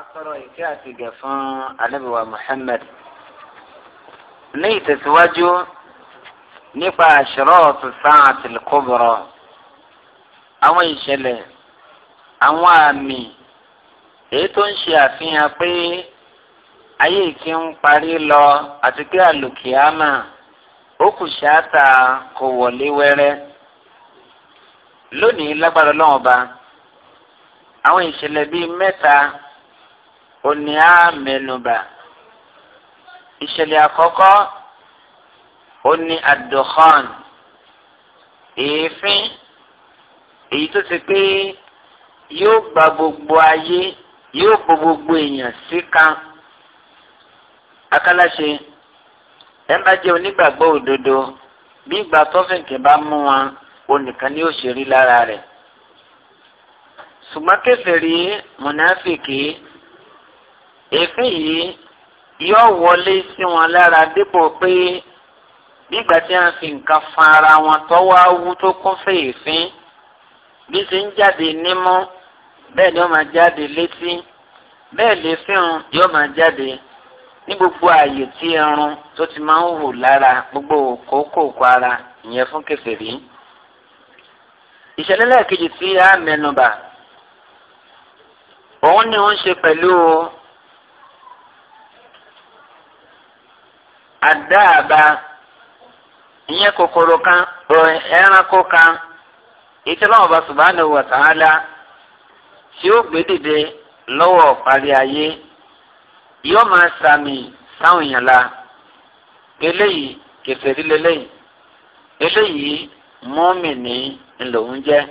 atọrọ ìfẹ́ àti ìgẹ̀ fún anábìwá Muhammad ní ìtẹ̀síwájú nípa àṣírọ́ọ̀tù sáàtì kúbọ̀rọ̀ àwọn ìṣẹ̀lẹ̀ àwọn àmì èyí tó ń ṣe àfihàn pé ayé ìkí ń parí lọ àti pé àlùkìyámà ó kù ṣáàtà kò wọlé wẹ́rẹ́ lónìí lágbára ọlọ́run ọba àwọn ìṣẹ̀lẹ̀ bíi mẹ́ta òní á mẹ́nubà ìṣẹ̀lẹ̀ àkọ́kọ́ òní àdùkọ́n èéfín èyí tó ti pé yóò gba gbogbo ayé yóò gbọ́ gbogbo èèyàn síka akálàṣe ẹ bá jẹ́ onígbàgbọ́ òdodo bí ìgbà tọ́fìnkì bá mú wọn onìkan ni yóò ṣe rí lára rẹ̀ ṣùgbọ́n kèfèrí mùnáfìkì èéfín yìí yóò wọlé sí wọn lára dípò pé nígbà tí a fi nǹkan fan ara wọn tọ́wọ́ awú tó kún fèéfín bí ṣe ń jáde nímú bẹ́ẹ̀ ni ó máa jáde létí bẹ́ẹ̀ lè fíhun yóò máa jáde ní gbogbo ààyè tí irun tó ti máa ń wù lára gbogbo kókòkò ara ìyẹn fún kèfèrí. ìṣẹ̀lẹ̀ lẹ́ẹ̀kejì tí a mẹ́nubà òun ni ó ń ṣe pẹ̀lú àdáàbá ìyẹn kòkòrò kan ẹranko kan ìtọ́lọ́mọba subhanahu wa ta'ala tí ó gbé dìde lọ́wọ́ parí ayé yóò máa sàmì sáwọn èèyàn la eléyìí kẹsẹ̀ líle lẹ́yìn eléyìí mọ́mì ńlọrọ̀ ń jẹ́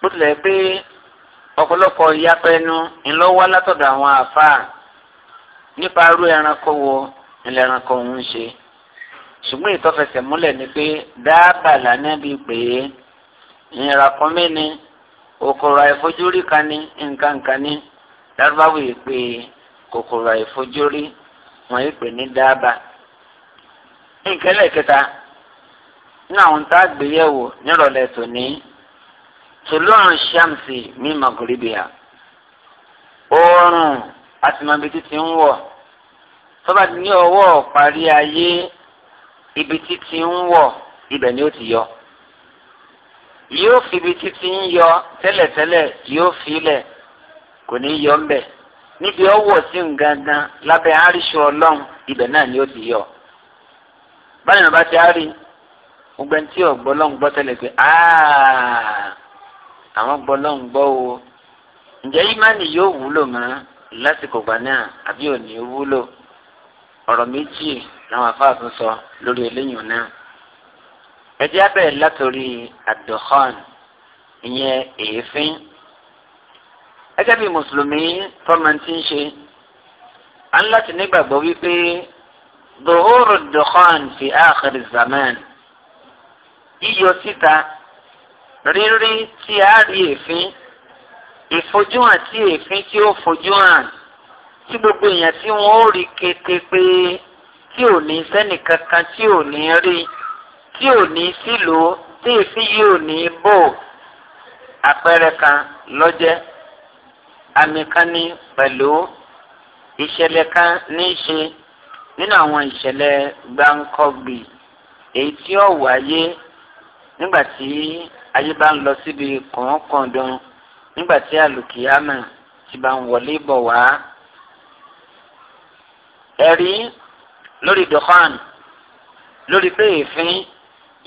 bó tilẹ̀ pé ọ̀pọ̀lọpọ̀ ìyapẹnu ńlọ́wọ́ látọ̀dọ̀ àwọn àfáà nípa arú ẹranko wo ńlẹ̀ ẹranko ń ṣe ṣùgbọ́n ìtọ́fẹsẹ̀ múlẹ̀ ni pé dáàbà lánàbí pé ìràkúnmí ni kòkòrò àìfojúrí kan ní nǹkankan ní lárúbáwò yìí pé kòkòrò àìfojúrí wọn yìí pè ní dáàbà. nǹkan ẹlẹ́kẹta ní àwọn tá a gbé yẹ̀wò nírọ̀lẹ́ tòní tòlóòrùn ṣàǹsì ní magoribia oòrùn àtìmọ̀bìtì ti ń wọ̀ tọ́ba ní ọwọ́ parí ayé ibi títí ń wọ̀ ibẹ̀ ni ó ti yọ yóò fi ibi títí ń yọ tẹ́lẹ̀tẹ́lẹ̀ yóò fi ilẹ̀ kò ní yọ ń bẹ̀ níbi ọwọ́ sí ngangan lábẹ́ àríṣọ ọlọ́run ibẹ̀ náà ni ó ti yọ báyìí bá ti á rí gbogbo ẹni tí ọ̀gbọ́n ọlọ́run gbọ́ tẹ́lẹ̀ pé aaa àwọn gbọ́lọ́ ń gbọ́ o ǹjẹ́ ìmánì yóò wúlò mọ́ lásìkò gbà náà àbí ò ní wúlò ọ̀rọ̀ méjì làwọn afáà tún sọ lórí eléyìí náà ẹ jẹ́ abẹ́ látòrí àdùkọ́n ìyẹn èéfín gẹ́gẹ́ bí mùsùlùmí tọ́mọ̀tì ń ṣe a ń láti nígbàgbọ́ wípé dòhóró dùkọ́n fi áàkiri zaman yíyọ síta rírí tí a rí èéfín ìfojúhàn tí èéfín tí ó fojúhàn tí gbogbo èèyàn tí wọn ó rí kété pé tí ò ní sẹ́nì kankan tí ò ní rí tí ò ní sílò tí èéfín yìí ò ní bò àpẹẹrẹ kan lọ́jẹ́ àmì kan ní pẹ̀lú ìṣẹ̀lẹ̀ kan ní í ṣe nínú àwọn ìṣẹ̀lẹ̀ gbáǹkọ́gbì èyí tí ó wáyé nígbà tí ayé bá ń lọ síbi kọ̀ọ̀kọ̀ọ̀dún nígbà tí àlùkìyàmà ti bá ń wọlé bọ̀ wá. ẹ̀rí lórí dọ̀kán lórí pé èéfín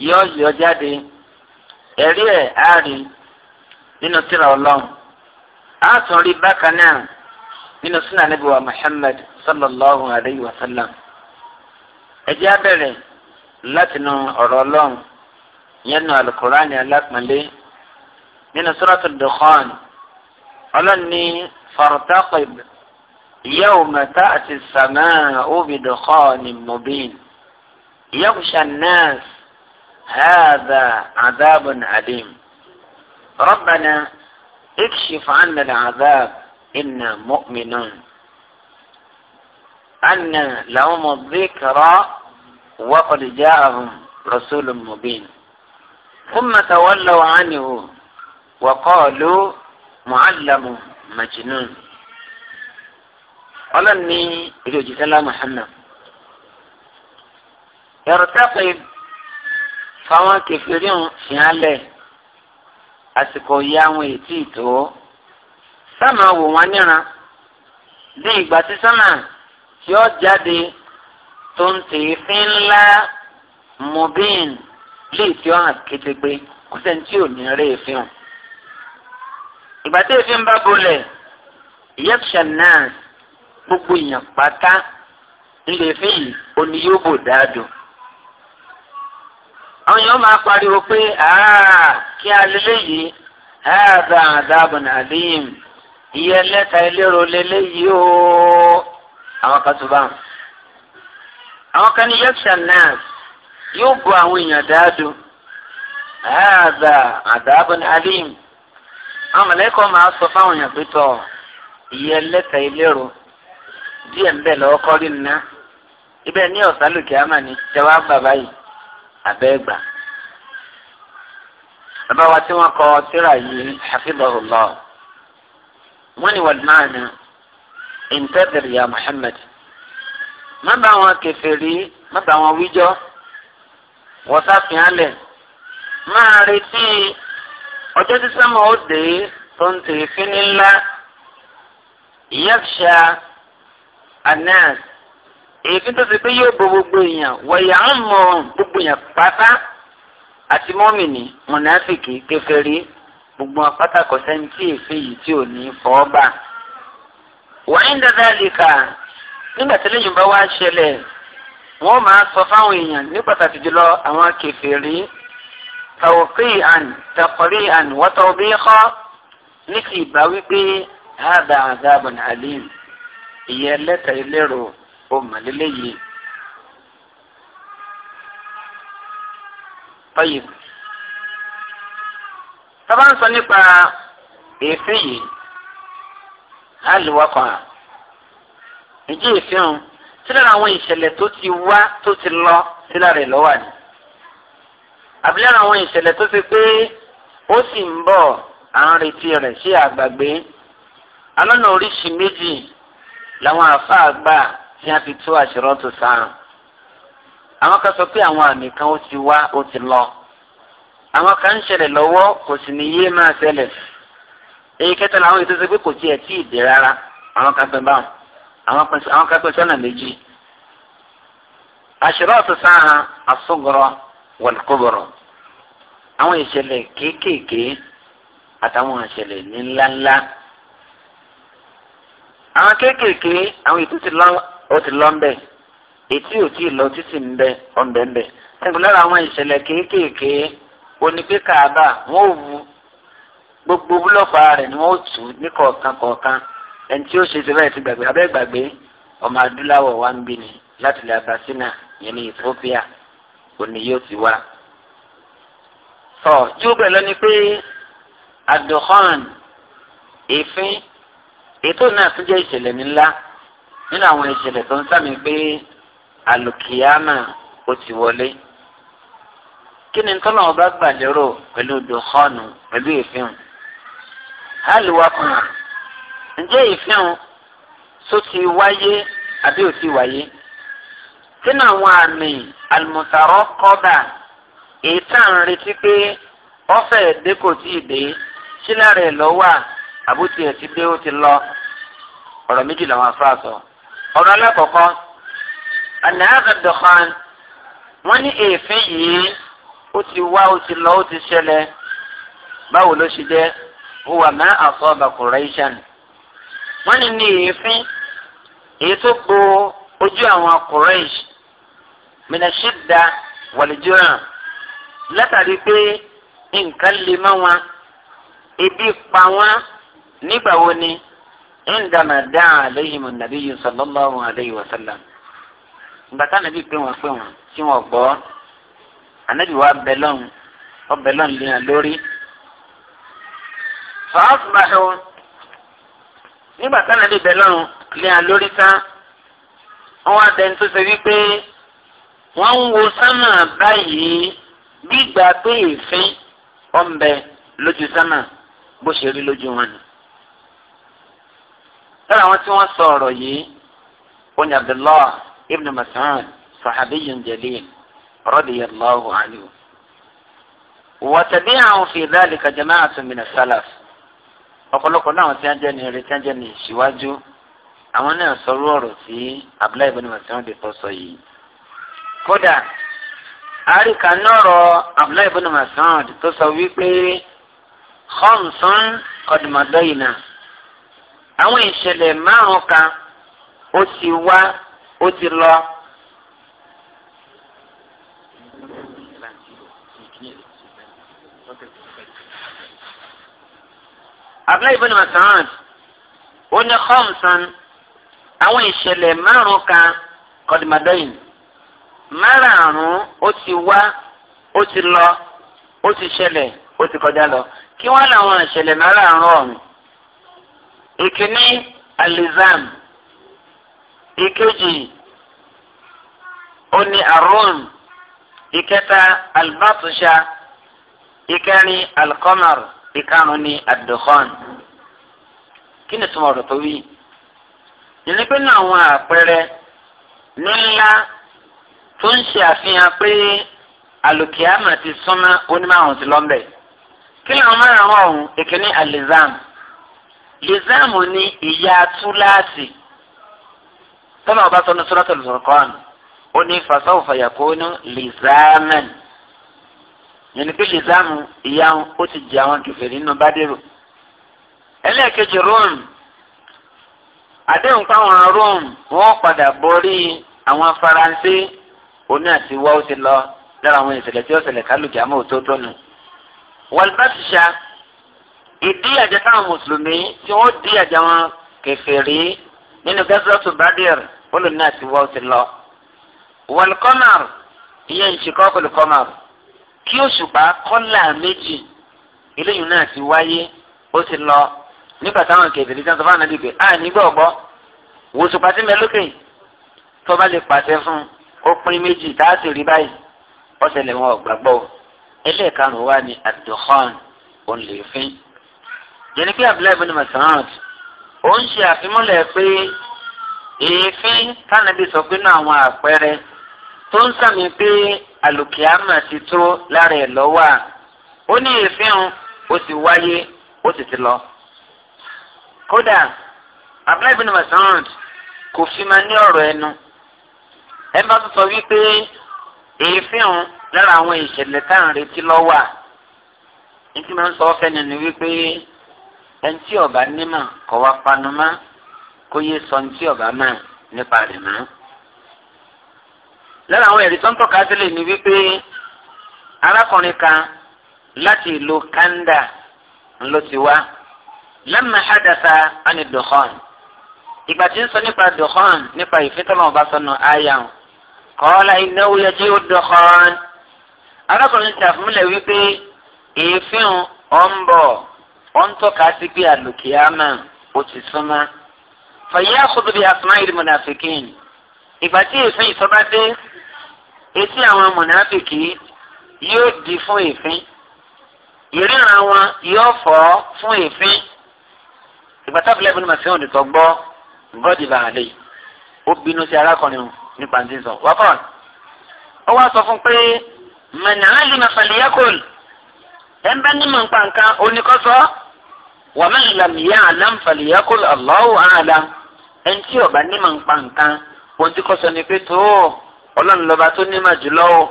yọ yọ jáde ẹ̀rí ẹ̀ á rí nínú tírà ọlọ́run á tún rí bákan náà nínú súnà níbi wa Muhammad sallallahu alayhi wa sallam ẹ jẹ́ á bẹ̀rẹ̀ ọ̀rọ̀ ọlọ́run. ينوى القرآن يلاك من لي من سورة الدخان قال أني فارتقب يوم تأتي السماء بدخان مبين يغشى الناس هذا عذاب أليم ربنا اكشف عنا العذاب إنا مؤمنون أن لهم الذكرى وقد جاءهم رسول مبين thumma tawallaw anhu wa qalu mu'allamu majnun. ọlọ́run ní èrè òjìṣẹ́lá Muhammad. ẹ̀rọ̀tàpẹ̀ fáwọn kẹfìrí ń fìhálẹ̀ àsìkò ìyá àwọn ètí ìtò sáàmà wò wọ́n níran ní ìgbà tí sáàmà tí ó jáde tó ń tè é fi ńlá mubin léè tí ó hàn kétégbé kó sẹ́ni tí ò ní rí èéfín o. ìgbà tí èéfín bá bolẹ̀ ìyẹ́pṣẹ̀ náà gbogbo èèyàn pátá nílé èéfín yìí òní yóò bò dáadọ́. àwọn èèyàn máa pariwo pé kí a lè léyìí ààbà àdàbọ̀n àdéhìn ìyẹn lẹ́ka elérò lélẹ́yìí o àwọn kan tó bá wọn. àwọn kan ní yẹ́pṣẹ̀ náà. yóò bu àwọn èèyàn dáadọ́ àádá àdáàbọ̀n alim àwọn máa sọ fáwọn èèyàn Iye leta ìyẹn ìlérò díẹ̀ ń bẹ̀ lọ́wọ́ kọ́rí nná ibẹ̀ ní ọ̀sálùkì àmà ní jẹ́wọ́ àgbà bàbá wa tí kọ tírà yìí hafidhahullah wọ́n ní wàlúmáàna intadir ya Muhammad má bá wọn kèfèrí má bá wọn wíjọ́. wọ́sàfin alẹ̀ máa retí ọjọ́ tí sẹ́mu ó dé tó ń tèrè fínní ńlá yaksha anas èyí tó ti pé yóò bo gbogbo èèyàn wọ̀yà ń mọ gbogbo èèyàn pátá àti mọ́mìnì mọ̀nàfìkì kékeré gbogbo apáta kò sẹ́ni tí èfé yìí tí ò ní fọ́ bá. wàá ń dáadáa lè kà nígbà tí lẹ́yìn bá wá ṣẹlẹ̀ wọ́n máa sọ fáwọn èèyàn ní pàtàkì jùlọ àwọn kèfèrí tàwọ́kì àn tàkọ́rí àn wọ́tọ̀ bí kọ́ ní ti ìbá wípé ààbà àzàbọ̀n alim ìyẹn lẹ́tà ìlérò òmàlélẹ́ yìí. tọ́yì tọ́ba ń sọ nípa èéfín yìí á ìjì ìfihàn sílára àwọn ìṣẹ̀lẹ̀ tó ti wá tó ti lọ sílára ẹ̀ lọ́wọ́ ni àbílára àwọn ìṣẹ̀lẹ̀ tó ti pé ó sì ń bọ̀ à ń retí rẹ̀ sí àgbàgbé alọ́nà oríṣi méjì làwọn àáfàá gbà tí a fi tú àṣírọ́ tó sáà àwọn kan sọ pé àwọn àmì kan ó ti wá ó ti lọ àwọn kan ń ṣẹlẹ̀ lọ́wọ́ kò sì ní yé máa ṣẹlẹ̀ èyí kẹta làwọn ètò ṣe kò tiẹ̀ tí ì dé rárá àwọn kan fẹ́ báwọn àwọn kan pín sọ́nà méjì àṣírọ́ọ̀tù sáà asúgọ̀rọ̀ wọ̀lùkọ́gọ̀rọ̀ àwọn ìṣẹ̀lẹ̀ kéékèèké àtàwọn ìṣẹ̀lẹ̀ ní ńláńlá àwọn kéékèèké àwọn ètò ti lọ ó ti lọ ńbẹ ètí ò tí ì lọ títí ńbẹ ọ̀nbẹ ńbẹ ẹgbẹ́ lára àwọn ìṣẹ̀lẹ̀ kéékèèké oní pé ò wu gbogbo búlọ́ọ̀fù ara ni wọ́n ò tù ní kọ̀ọ̀kan kọ̀ọ̀kan ẹni tí ó ṣe ti báyìí ti gbàgbé abẹ́ gbàgbé ọmọ adúláwọ̀ wa ń bí ni láti ilẹ̀ abasina yẹn ní Ethiopia òní yóò ti wá. tọ́ júbẹ̀ lọ ni pé adùnkàn èéfín ètò náà tún jẹ́ ìṣẹ̀lẹ̀ ńlá nínú àwọn ìṣẹ̀lẹ̀ tó ń sàmì pé alùkìyàmà ó ti wọlé kí ni tọ́lá ọba gbà pẹ̀lú dùnkàn pẹ̀lú èéfín hàlùwà kan ǹjẹ́ ìfihàn só ti wáyé àbí ò ti wáyé sínú àwọn àmì àlùmọ̀tàrọ́ kọ́dà èyí tá à ń retí pé ọ̀fẹ́ èdè kò tí ì dé sílẹ̀ rẹ̀ lọ́wọ́ àbútí ẹ̀ ti dé ó ti lọ ọ̀rọ̀ méjì làwọn afá sọ ọ̀rọ̀ alákọ̀ọ́kọ́ àlàáfà dọ̀kan wọ́n ní èéfín yìí ó ti wá ó ti lọ ó ti ṣẹlẹ̀ báwo ló ṣe jẹ́ ó wà má àfọ́ bàkùrẹ́ṣàn wọ́n ní ní èéfín èyí tó po ojú àwọn Quraysh minashidda wàlìjúra látàrí pé nǹkan lè mọ́ wọn ebi pa wọn nígbà wo ni ndàmà dáa alayhimu nabiyyu sallallahu alayhi wa sallam gbàtà nàbí pé wọn pé wọn tí wọn gbọ́ anabi wa bẹlọ́n ọ lè hàn lórí. fàáfù nígbà táwọn ẹbí bẹ lọ́rùn lé àlórí tán wọ́n wá dẹni tó ṣe wípé wọ́n ń wo sánmà báyìí gbígbà pé èéfín ọ̀nbẹ lójú sánmà bó ṣe rí lójú wọn ni. lára àwọn tí wọ́n sọ ọ̀rọ̀ yìí wọ́n ní abdullahi ibn mas'ud sahabiyun jalil radiyallahu anhu. wọ́n tẹ̀lé àwọn fi dhalika jama'atun min as-salaf ọ̀pọ̀lọpọ̀ náà àwọn tí wọ́n jẹ́ ní eré tí wọ́n jẹ́ ní ìṣíwájú àwọn náà sọ̀rọ̀ ọ̀rọ̀ tí Abdullahi ibn Mas'ud tó sọ yìí. kódà àríkà náà rọ Abdullahi ibn Mas'ud tó sọ wípé khamsun qad àwọn ìṣẹ̀lẹ̀ márùn kan ó ti wá ó ti lọ. abdullahi ibn Mas'ud ó ní khamsan àwọn ìṣẹ̀lẹ̀ márùn kan kọ́dìmọ́dọ́yìn márààrún ó ti wá ó ti lọ ó ti ṣẹlẹ̀ ó ti kọjá lọ kí wọ́n làwọn ìṣẹ̀lẹ̀ márààrún ọ̀hún ìkíní alizam ìkejì oni arun ìkẹta albatusha ìkẹrin alqamar ìkarùn ní àdùkọ́n kí ni túmọ̀ ọ̀rọ̀ tó wí nínú pé ní àwọn àpẹẹrẹ ńlá tó ń ṣe àfihàn pé alùkìyàmà ti súnmọ́ onímọ̀ ti lọ́mbẹ̀ kí làwọn márùn-ún ọ̀hún ìkíní alizam lizam ní ìyá túláàsì tọ́lá ọba sọ́nù suratul furqan ó ní fasawfa yakunu lizaman yẹn ni pé lìzámù ìyá wọn ó ti jẹ àwọn kèfèrí nínú bádẹ́rù ẹlẹ́ẹ̀kejì rome àdéhùn káwọn rome wọ́n padà borí àwọn faransé oní àti wá ó ti lọ lára àwọn ìṣẹ̀lẹ̀ tí ó ṣẹlẹ̀ kálukì àmọ́ òtótó nù. wàlúbàṣìṣà ìdí àjẹ táwọn mùsùlùmí tí wọ́n di àjẹ wọn kèfèrí nínú gẹ́sọ́tù badir olùní àti wá ó ti lọ. wàlúkọ́màr ìyẹn ìṣìkọ́ pẹ̀lú kọ́màr kí òṣùpá kọ́là méjì eléyìí náà ti wáyé ó ti lọ nígbà táwọn kẹfìrí tí wọn sọ fún ànábì pé a nígbà ọgbọ wo òṣùpá sí mẹlókè tó bá lè pàṣẹ fún ó pín méjì tá a sì rí báyìí ọsẹ lè wọn gbàgbọ́ ẹlẹ́ẹ̀karùn wa ni àdùkọ́n òun lè abdullahi bin Mas'ud ó ń ṣe àfimúlẹ̀ pé èéfín tánàbí sọ pé náà àwọn àpẹẹrẹ tó ń sàmì pé alùkìámà ti tó lára ẹ̀ lọ́wọ́ à ó ní ìfihàn ó sì wáyé ó sì ti lọ. kódà abdullahi bin Mas'ud kò fi máa ní ọ̀rọ̀ ẹnu ẹ bá tó sọ wípé ìfihàn lára àwọn ìṣẹ̀lẹ̀ tá à ń retí lọ́wọ́ à ní tí máa ń sọ fẹ́ni ni wípé ẹni tí ọba nímọ̀ kọ́ wá panu mọ́ kó yé sọ ní tí ọba mọ̀ nípa rẹ̀ mọ́ lára àwọn ẹ̀rí tó ń tọ́ka sílẹ̀ ni wípé arákùnrin kan láti ìlú kanda ló ti wá lẹ́mọ̀ àdàsá àni dùkọ́n ìgbà tí ń sọ nípa dùkọ́n nípa ìfitọ́lọ́mọ bá sọnù àyà kọ́ọ́lá ìnáwó yẹ kí ó dùkọ́n arákùnrin tàfúnlẹ̀ wípé èéfín ọ̀nbọ̀ ọ̀ntọ́ka sí pé àlùkìyàmà ó ti súnmọ́ fàyà àkótó bíi asmáìlì mọ̀nàfíkìn ìgbà tí èéfín ìsọ́bádé etí àwọn mọ̀nàfìkì yóò di fún èéfín ìríran wọn yóò fọ́ fún èéfín ìgbà tábìlẹ̀ ìbínú màsí ọ̀dùn tó gbọ́ bọ́dì bàálẹ̀ ó bínú sí arákùnrin nípa ní sọ wákọ̀ ó wá sọ fún pé mọ̀nà àlè màfàlìyàkùn ẹ̀ńbẹ́ ní mọ̀ nípa nǹkan oníkọ́sọ́ wà mí làmìyà àlàǹfàlìyàkùn Allahu àlà ẹ̀ńtí ọ̀bà ní mọ̀ nípa nǹkan oníkọ́sọ́ ni pé tó o ọlọ́run lọ́ba tó ní màjú lọ́wọ́.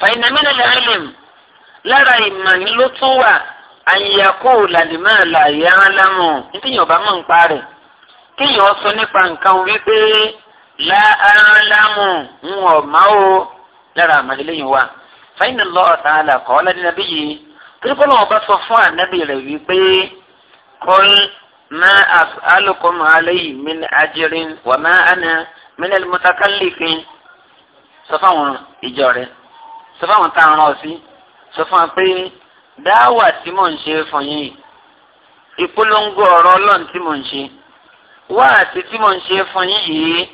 fainamina lẹ́rìlìm lára ìmọ̀ ni ló tún wà àyàkó làlìmọ́ àlàyé alámù nítíyàn ọba mọ̀ ń parẹ̀ kíyàn sọ nípa nǹkan wípé lá alámù ń wọ̀ má o lára àmàlélẹ́yìn wa fainam lọ́ọ̀ tàn án là kọ́ yìí torí kọ́ sọ fún ànábì rẹ̀ wípé قل ما أسألكم عليه من أجر وما أنا من المتكلفين sọ fáwọn ìjọ rẹ sọ fáwọn tá a rán ọ sí sọ fún wa pé dáwà tí mò ń ṣe fún yín ìpolongo ọ̀rọ̀ ọlọ́run tí mò ń ṣe wá àti tí mò ń ṣe fún yín yìí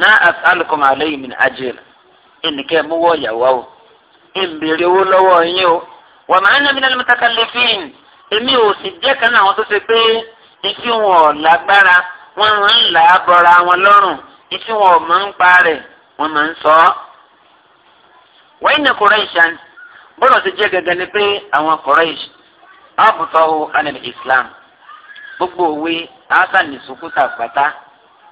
ná as'alukum alayhi min ajr ẹnìkẹ́ mú wọ ìyàwó o ìbèrè owó lọ́wọ́ yín o wa ma ana minal mutakallifin èmi ò sì jẹ́ kan àwọn tó ṣe pé iṣẹ́ wọn ò lágbára wọn ń là á bọra wọn lọ́rùn iṣẹ́ wọn ò ń pa rẹ̀ wọn máa ń sọ ọ́ wọ́n ní kùrẹ́ṣán bọ́lá ti jẹ́ gẹ́gẹ́ ni pé àwọn kùrẹ́ṣ àbùtọ́ alẹ́ islam gbogbo òwe àásàní sùkúta pátá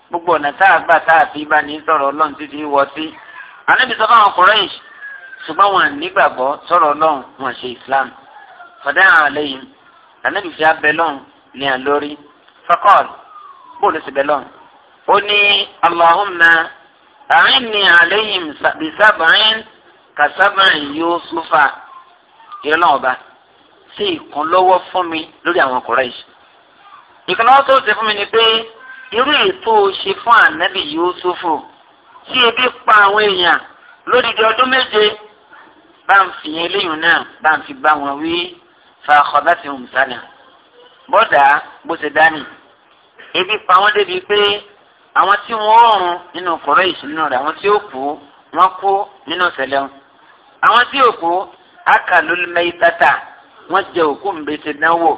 gbogbo ọ̀nà tá a gbà tá a fi bá ní sọ̀rọ̀ ọlọ́run títí wọ́ sí ànábì sọ fáwọn kùrẹ́ṣ ṣùgbọ́n wọn nígbàgbọ́ sọ̀rọ̀ ọlọ́run wọn ṣe islam fọdẹ́ àwọn àlẹ́yìn ànábì fi abẹ lọ́run ní àlórí fọkọ́ọ̀l bóòlù sì bẹ lọ́run ó ní allahumma a'inni alayhim bisab'in kàtàbà yóò sófà ìrẹ́ náà ọba ṣe ìkànlọ́wọ́ fún mi lórí àwọn Kùráìṣì. ìkànlọ́wọ́ tó ṣe fún mi ni pé irú ètò ṣe fún ànábì Yúsúfù tí ebi pa àwọn èèyàn lódìdí ọdún méje bá ń fi yẹn léyìn náà bá ń fi bá wọn wí fa ọ̀dà tí òun sálẹ̀. bọ́dà bó ṣe dání ebi pa wọ́n débi pé àwọn tí wọ́n rún nínú Kùráìṣì nínú rẹ̀ àwọn tí ó kú wọ́n kú nínú ṣẹlẹ̀ wọn àwọn tí òkú akalulmẹ́tata wọ́n jẹ òkú mbẹ́tẹ̀ náà wò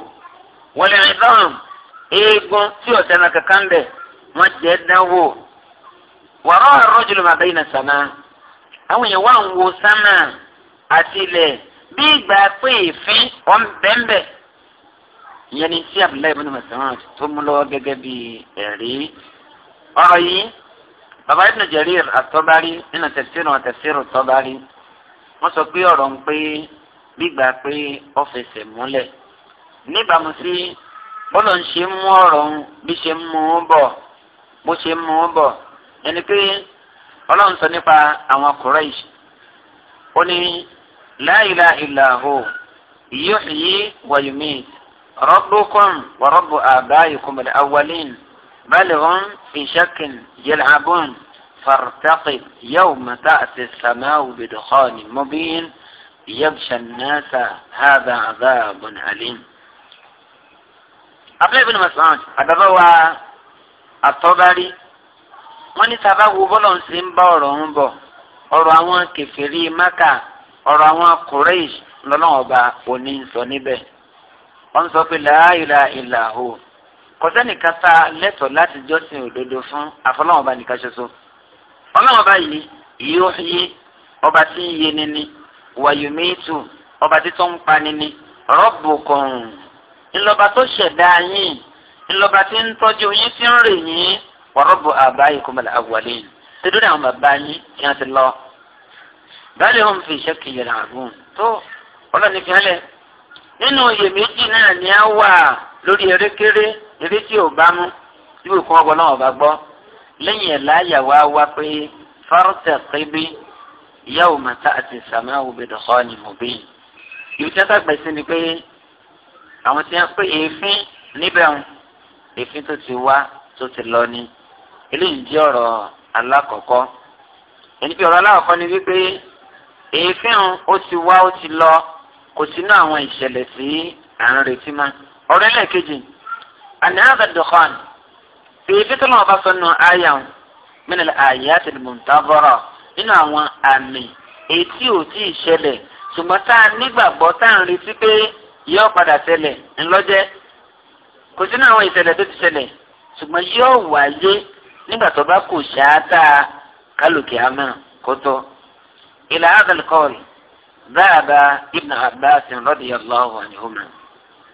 wọ́n lè rìn lọ́rùn eégún tí ọ̀sẹ̀ náà kankan bẹ̀ wọ́n jẹ náà wò wàrà rọ́jùlù màbẹ́ yìí nà sàmà àwọn èèyàn wà ń wo sámà àti ilẹ̀ bí ìgbà pé èéfín wọn bẹ́ẹ̀nbẹ́ ìyẹn ni tí abdullahi ibn Mas'ud tó mú lọ́wọ́ gẹ́gẹ́ bí ẹ̀rí ọ̀rọ̀ yìí bàbá ibn Jarir at-Tabari nínú tafsir wọn tafsir at wọ́n sọ pé ọ̀rọ̀ ń pé gbígbà pé ó fẹsẹ̀ múlẹ̀ níbàámu sí bọ́lá ń ṣe mú ọ̀rọ̀ ń bí ṣe mú un bọ̀ bó ṣe mú un bọ̀ ẹni pé ọlọ́run sọ nípa àwọn Quraysh ó ní la ilaha illa hu yuhyi wa yumit rabbukum wa rabbu abaikum al-awwalin bal hum fi فارتقب يوم تأتي السماء بدخان مبين يغشى الناس هذا عذاب أليم abdul ibn mas'ud àbábá الطبري àtọ́bárí wọ́n ní sábà wo bọ́lọ̀ ń ṣe ń bá ọ̀rọ̀ ń bọ̀ ọ̀rọ̀ àwọn kẹfìrí maka ọ̀rọ̀ àwọn kureish lọ́nà ọba òní ń sọ níbẹ̀ wọ́n ń sọ pé láàyèlà ìlà hù kò lẹ́tọ̀ọ́ láti jọ́sìn òdodo fún àfọlọ́wọ́n ọba nìkan ṣoṣo ọlọ́run báyìí yóò yé ọba tí ń yé nini wàyùmíìtù ọba tí tó ń pa nini rọ́bùkùn ńlọba tó ṣẹ̀dá yín ńlọba tí ń tọ́jú yín tí ń rè yín wàrọ́bù àbáyé kọ́mọlẹ̀ àwọlé tí dúró àwọn bàbá yín tí wọ́n ti lọ. báyìí wọn fi iṣẹ́ kìí yẹn àgùn tó ọlọ́ni fi hálẹ̀ nínú iyèméjì náà ni a wà lórí erékeré eré ò bá mú ibùkún ọgbọ́n náà ò gbọ́ lẹ́yìn ẹ̀ láyà wá wá pé fárútẹ̀ kébé yàwó màtá àti sàmáwò bẹ̀rẹ̀ họ́ ni mò bẹ́ẹ̀. ìwé tí wọ́n sàgbẹ́ sí ni pé àwọn tí wọ́n pé èéfín níbẹ̀ ń èéfín tó ti wá tó ti lọ ni eléyìí jẹ́ ọ̀rọ̀ alákọ̀ọ́kọ́. ẹni pé ọ̀rọ̀ alákọ̀ọ́kọ́ ni wípé èéfín ó ti wá ó ti lọ kò sínú àwọn ìṣẹ̀lẹ̀ tí à ń retí mọ́. ọ̀rọ̀ ẹlẹ́ẹ̀kejì àná àgbàdùkọ́ bèbí tó náà bá sọ nù àyà ń mìnàlẹ àyà àti mùtàbọrọ nínú àwọn àmì ètí ò tí ì ṣẹlẹ̀ ṣùgbọ́n tá a nígbàgbọ́ tá a ń retí pé yóò padà ṣẹlẹ̀ ńlọ́jẹ́ kò sínú àwọn ìṣẹ̀lẹ̀ tó ti ṣẹlẹ̀ ṣùgbọ́n yóò wáyé nígbà tó bá kù ṣááta kálukì àmọ́ kótó. ìlà àdàlù kọ́ọ̀lù ibn abbas radiyallahu anhuma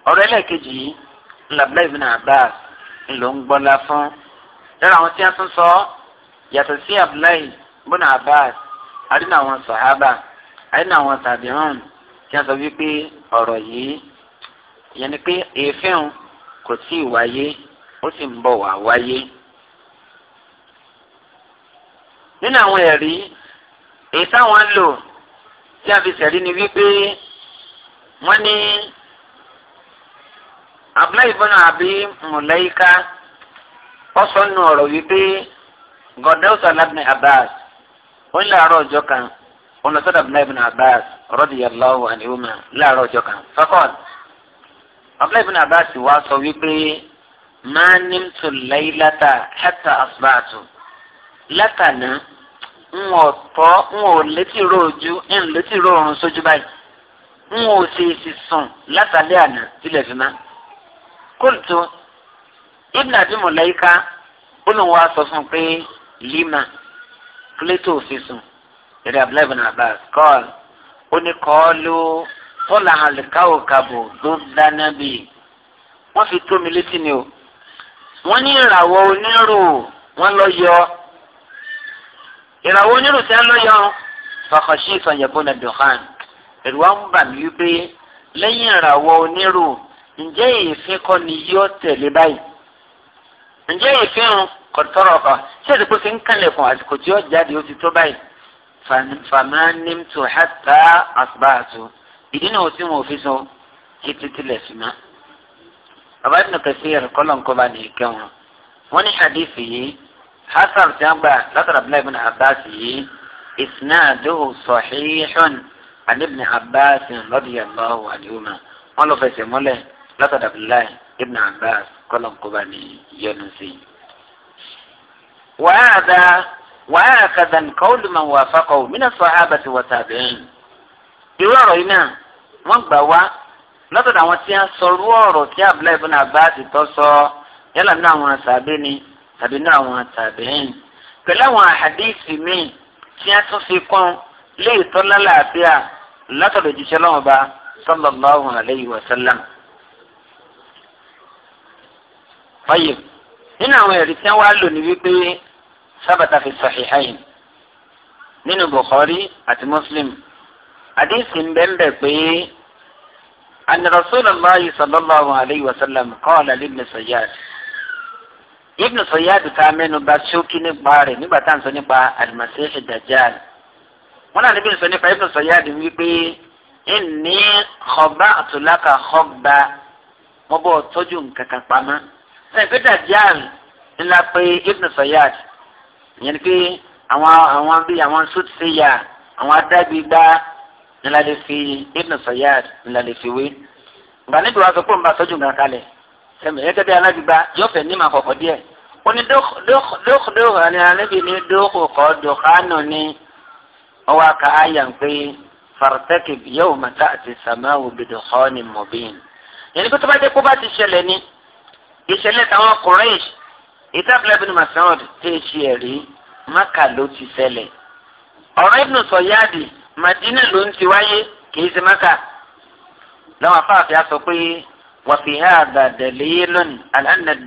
ọ̀rọ̀ ẹlẹ́ẹ̀kejì yìí ńlá ibn abbas ńlọ ń gbọ́lá fún lọ́la àwọn tí wọ́n tún sọ yàtọ̀ sí abdullahi bọ́nà abbas àdínà àwọn sàhábà àdínà àwọn tàbíhàn tí wọ́n sọ wípé ọ̀rọ̀ yìí ìyẹn ni pé èéfín kò tí ì wáyé ó sì ń bọ̀ wá wáyé. nínú àwọn ẹ̀rí èyí táwọn ń lò tí a fi sẹ̀rí ni wípé wọ́n ní abdullahi ibn abi mulaika ọsọ nù ọ̀rọ̀ wípé gọdẹwùsọ labni abbas wọn láàárọ̀ ọjọ́ kan wọn lọsọdọ abdullahi ibn abbas radiyallahu anhuma láàárọ̀ ọjọ́ kan fakọọl abdullahi ibn abbas wá sọ wípé máa nimtu laylata hatta asbahtu látàná n ò tọ́ n ò létí ròójú n ò létí ròórùn sójú báyìí n ò sì sì sùn látàlẹ́ àná tilẹ̀ fi máa kóòtù ibùdó àbí mọ̀lẹ́yìká olùwà sọ fún pé lima plato sísun lórí abdullahi bin abbas kọ́ọ̀lù ó ní kọ́ọ̀lù tọ́lá àlùkáwò kàbò ló dáná bí wọ́n fi tó mi létí ni o wọ́n ní ìràwọ̀ onírò wọ́n lọ yọ ìràwọ̀ onírò tí lọ yọ fàkànṣí ìfàyàbọ̀ nàdùnkàn ẹ̀rù wa bà mí wípé lẹ́yìn ìràwọ̀ onírò ǹjẹ́ ìfẹ́ kọ́ ni yóò tẹ̀lé báyìí ǹjẹ́ ìfẹ́ ń kọ̀tọ́rọ̀ kan ṣé èdè pèsè ń kànlẹ̀ fún àsìkò tí ó jáde ó ti tó báyìí fàmánimtu hàtà àsùbáàtù ìdí náà tí wọn ò fi so títí tilẹ̀ sí ma. bàbá ìdùnnú kẹsí ẹ̀rọ kọ́lọ̀ ń kọ́ba nìyí kẹwọn wọn ní hadith yìí hasan ti ń gbà látara abdullahi bin abbas yìí isnaduhu sahihun an ibn abbas radiyallahu anhuma wọn lọ fẹsẹ̀ mọ́lẹ̀ látọ̀dọ̀ abdullahi ibn abbas kọ́lọ́nkọ́ba ní yọnu sí i. wàhálà wàhálà kàdán kọ́ọ̀lù máa wà fákọ̀ mina sahabati wa tabi'in. irú ọ̀rọ̀ yìí náà wọ́n gbà wá látọ̀dọ̀ àwọn tí wọ́n sọ irú ọ̀rọ̀ tí abdullahi ibn abbas tó sọ yálà nínú àwọn sàbẹ̀ ni tàbí nínú àwọn tabi'in. pẹ̀lú àwọn àhàdíìsì míì tí wọ́n tún fi kún léètọ́ lálàáfíà látọ̀dọ̀ jíṣẹ́ lọ́wọ́ bá sallallahu alayhi wa sallam. tọ́yìn nínú àwọn ẹ̀rí tí wọ́n á lò ní wípé sábàtà fi sahihayn nínú Bukhari àti Muslim àdéhìsì ń bẹ́ẹ̀ bẹ́ẹ̀ pé anna Rasulullahi sallallahu alayhi wa sallam qala li Ibn Sayyad ibnu sọyáàdù tá a mẹ́nu bà ṣókí nípa rẹ̀ nígbà tá à ń sọ nípa al-Masih ad-Dajjal wọn náà níbi ń sọ nípa ibnu sọyáàdù wípé inni khaba'tu laka khabba mo bọ́ tọ́jú pamọ́ sẹ̀pẹ́tà díàn ńlá pé ibn Sayyad ìyẹn pé àwọn àwọn bíi àwọn sọ́tìsẹ́yà àwọn adágbégbá ńlá lè fi ibn Sayyad ńlá lè fi wé gbanidu wa sọ pé òun bá sọ́jú nǹkan kalẹ̀ sẹ́mi ẹ̀kẹ́ bí alágbègbá yóò fẹ́ ní màá kọ̀kọ́ díẹ̀ ó ní dókòdókò ni alábì ní dókòkò dòkánù ni ọwọ́ aka ayà ń pé fartẹ́kì yóò mọ̀tá àti sàmáwò bìdòkọ́ ní pé ìṣẹ̀lẹ̀ táwọn Quraysh ìtàbílẹ̀ ibn Mas'ud tẹ̀ ṣe ẹ̀rí Mákà ló ti ṣẹlẹ̀ ọ̀rọ̀ ibn Sayyadi Madina ló ń ti wáyé kì í ṣe Mákà lọ́wọ́ afáàfíà sọ pé wa fi hadha dalilun ala anna ad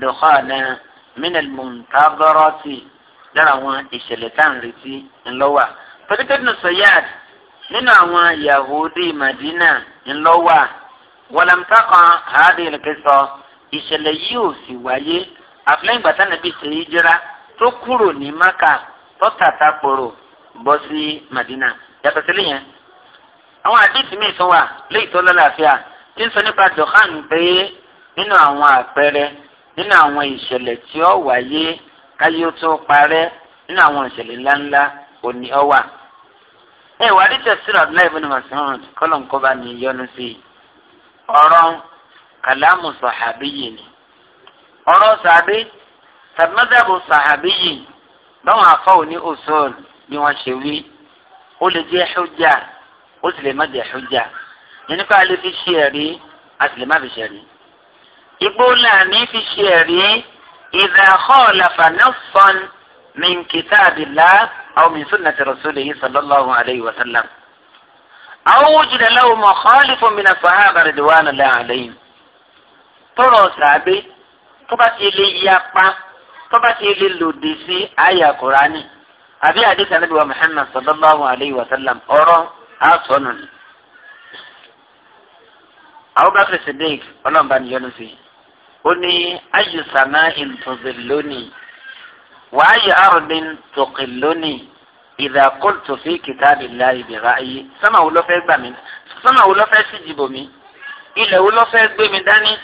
lára àwọn ìṣẹ̀lẹ̀ tá à ń retí ńlọ́wà pẹ̀lú ibn Sayyad nínú àwọn Yahudi Madina ńlọ́wà wàlámtàkàn hàdí ìlẹ̀kẹ́sọ̀ ìṣẹ̀lẹ̀ yìí ò sì wáyé àfihàn ìgbà táwọn ẹbí ṣe hijira tó kúrò ní maka tó tàta kpòrò bọ́ sí madina yàtọ̀ sílẹ̀ yẹn. àwọn àdìsí mi sọ wà léyìí tó lọ́láàfíà tí ń sọ nípa dọ̀kán pé nínú àwọn àpẹẹrẹ nínú àwọn ìṣẹ̀lẹ̀ tí ó wáyé káyé ó tó parẹ́ nínú àwọn ìṣẹ̀lẹ̀ ńláńlá òní ọ wà. ẹ wà á dìtẹ̀ sílẹ̀ abdullahi ibn Mas'ud kọ́lọ̀ ń kọ́ bá ní yọnu sí ọ̀rọ̀ kàlámù sàhábí yìí ni ọ̀rọ̀ sàhábí tàbí sàhábí yìí báwọn afáwò ní òṣòl bí wọ́n ṣe wí ó lè jẹ́ ṣújà ó sì lè má jẹ́ ṣújà yẹn nípa lè fi ṣe ẹ̀rí a sì lè má fi ṣe ẹ̀rí. igbó làní fi ṣe ẹ̀rí idha khalafa nassan min kitabillah aw min sunnati rasulihi sallallahu alayhi wa sallam. àwọn wujida lahu mukhalifun min as-sahaba ridwanullahi alayhim tọrọ sàbẹ tó bá ti lè yapa tó bá ti lè lòdì sí àyà kùránì àbí àdìsá nàbí wa muhammad sallallahu alayhi wa sallam ọ̀rọ̀ àsọnù ni. abubakar sadiq ọlọ́mba ni yọnu sí ó ní ayyu sama'in tuzilluni wa ayyu ardin tuqilluni idha qultu fi kitabillahi bi ra'yi sánmà wo ló fẹ́ gbà mí sánmà wo ló fẹ́ síjìbò mi ilẹ̀ wo ló fẹ́ gbé mi dání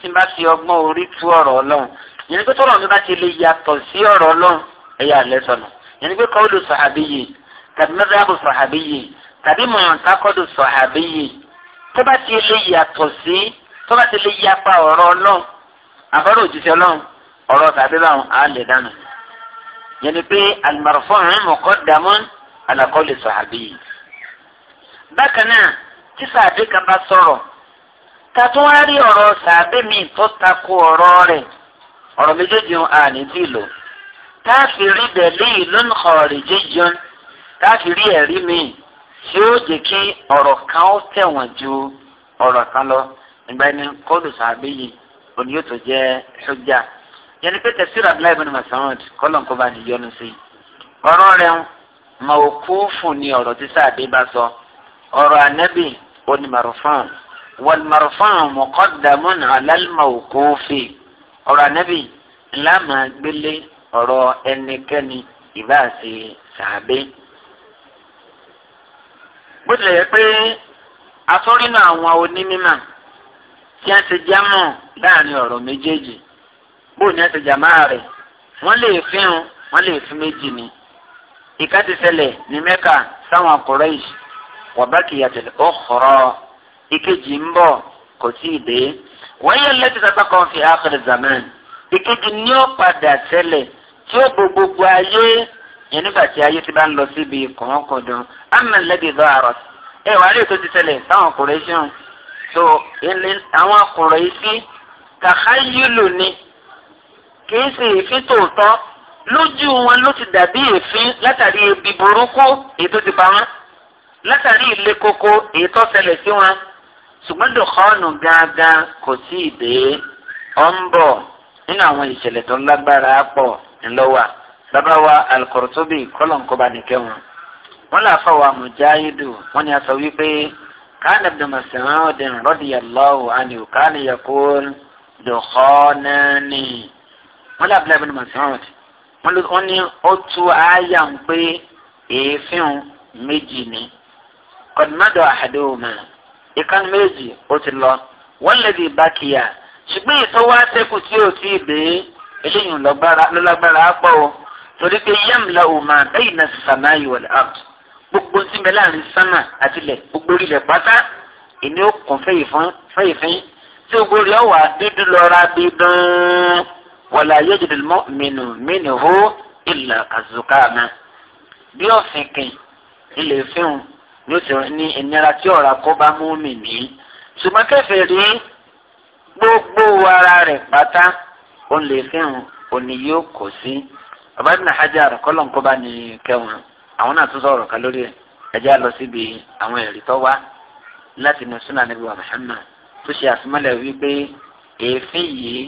tí n bá fi ọgbọ́n orí tú ọ̀rọ̀ ọlọ́run yẹn ni pé tọ́lọ̀ mi bá ti lè yàtọ̀ sí ọ̀rọ̀ ọlọ́run ẹ̀yà alẹ́ sọ̀nà yẹn ni pé kọ́ọ̀dù sọ̀hábíyì tàbí mẹ́tàbù sọ̀hábíyì tàbí mọ̀nàkákọ́dù sọ̀hábíyì tó bá ti lè yàtọ̀ sí tó bá ti lè yapa ọ̀rọ̀ ọlọ́run àbọ̀rọ̀ òjijì ọlọ́run ọ̀rọ̀ tàbí tàtún wá rí ọ̀rọ̀ sàbẹ̀ mi tó takò ọ̀rọ̀ rẹ̀ ọ̀rọ̀ méjèèjì ń àní bí lò táàfì rí bẹ̀lí ìlú ọ̀rẹ́ jíjẹun táàfì rí ẹ̀rí mi tí ó jẹ́ kí ọ̀rọ̀ kan ó tẹ̀wọ̀n ju ọ̀rọ̀ kan lọ nígbà ní kóòdù sàbẹ̀ yìí òní yóò tó jẹ́ ṣọ́jà yẹni pé tẹ̀síra abdullahi bin masamud kọ́lọ̀ kó bá níyọnu sí ọ̀rọ̀ rẹ̀ mọ̀ọ́kú fún ni ọ̀rọ̀ tí sàbẹ̀ bá sọ ọ̀rọ̀ ànábì onímọ̀rọ̀ fún un wàlmarfan mọ̀kọ́dàmọ́n على الموقوف، ọ̀rọ̀ ànábì lámà gbélé ọ̀rọ̀ ẹnikẹ́ni إباسي sàbẹ́. bó tilẹ̀ yẹ pé atúrínà àwọn onímọ̀ tí a ti jámọ̀ láàrin ọ̀rọ̀ méjèèjì bó ni a ti jàmáà rẹ̀ wọ́n lè fihàn wọ́n lè fi méjì ni. ìka ti ṣẹlẹ̀ ní mẹ́ka sáwọn Quraysh wàbákìyàtẹ̀ ọ̀kọ̀rọ̀ ìkejì ń bọ̀ kò tí ì dé wọ́n yẹ lẹ́tí tata kan fi àkàrẹ̀ zaman ìkejì ní ó padà tẹ́lẹ̀ tí ó bo gbogbo ayé yẹn nígbà tí ayé ti bá ń lọ síbi kọ̀ọ̀kọ̀dọ̀ àmì lẹ́bi bá a ẹ wàá rí ètò ti tẹ́lẹ̀ táwọn ọkùnrin ṣe ń so àwọn ọkùnrin sí kàkáyìlù ni kì í sì fi tòótọ́ lójú wọn ló ti dàbí èéfín látàrí ebi burúkú èyí tó ti pa wọn látàrí ilé koko èyí tó ṣẹlẹ̀ sí wọn ṣùgbọ́n dùkọ́ọ̀nù gángan kò sí ìdè ọ̀ ń bọ̀ nínú àwọn ìṣẹ̀lẹ̀ tó lágbára pọ̀ ńlọ́wà bàbá wa al-Qurtubi kọ́lọ̀ǹkọ́ba nìkẹ́ wọn. wọ́n lè fọ wa mujahidu wọ́n ní a sọ wípé káàna ibn Mas'ud radiyallahu anhu káàna yaqul dùkọ́ọ̀nání. wọ́n lè abúlé ibn Mas'ud wọ́n ní ó tú ìkan méjì ó ti lọ wọ́n lè di bákìyà ṣùgbọ́n ìtọ́ wá sẹ́kù tí ò tí ì dé eléyìí lọ́lágbára á pọ̀ o torí pé yamla ma bayna as-samai wal ard gbogbo tí mẹ́lá àrin sánà àtìlẹ̀ gbogbo orílẹ̀ pátá ìní ó kún fẹ́yìfín tí gbogbo rẹ̀ wà dúdú lọ́ra bí dán wala yajidul mu'minu minhu illa kazukama bí ọ̀fìn kìn ilé fíhùn yóò sì ní ìnira tí ọ̀rá kọ́ bá mú mi ní. ṣùgbọ́n kẹfẹ́ rí gbogbo ara rẹ̀ pátá ó lè fẹ́ràn òní yóò kò sí. bàbá ìdìnnà hajj àròkọ́lọ̀ ń kọ́ bá ní kẹwọn àwọn náà tún sọ̀rọ̀ ká lórí ẹ̀ ẹ̀jẹ̀ lọ síbi àwọn ẹ̀rí tó wá láti nù súnà níbi wa Muhammad tó ṣe àsomọ́lẹ̀ wípé èéfín yìí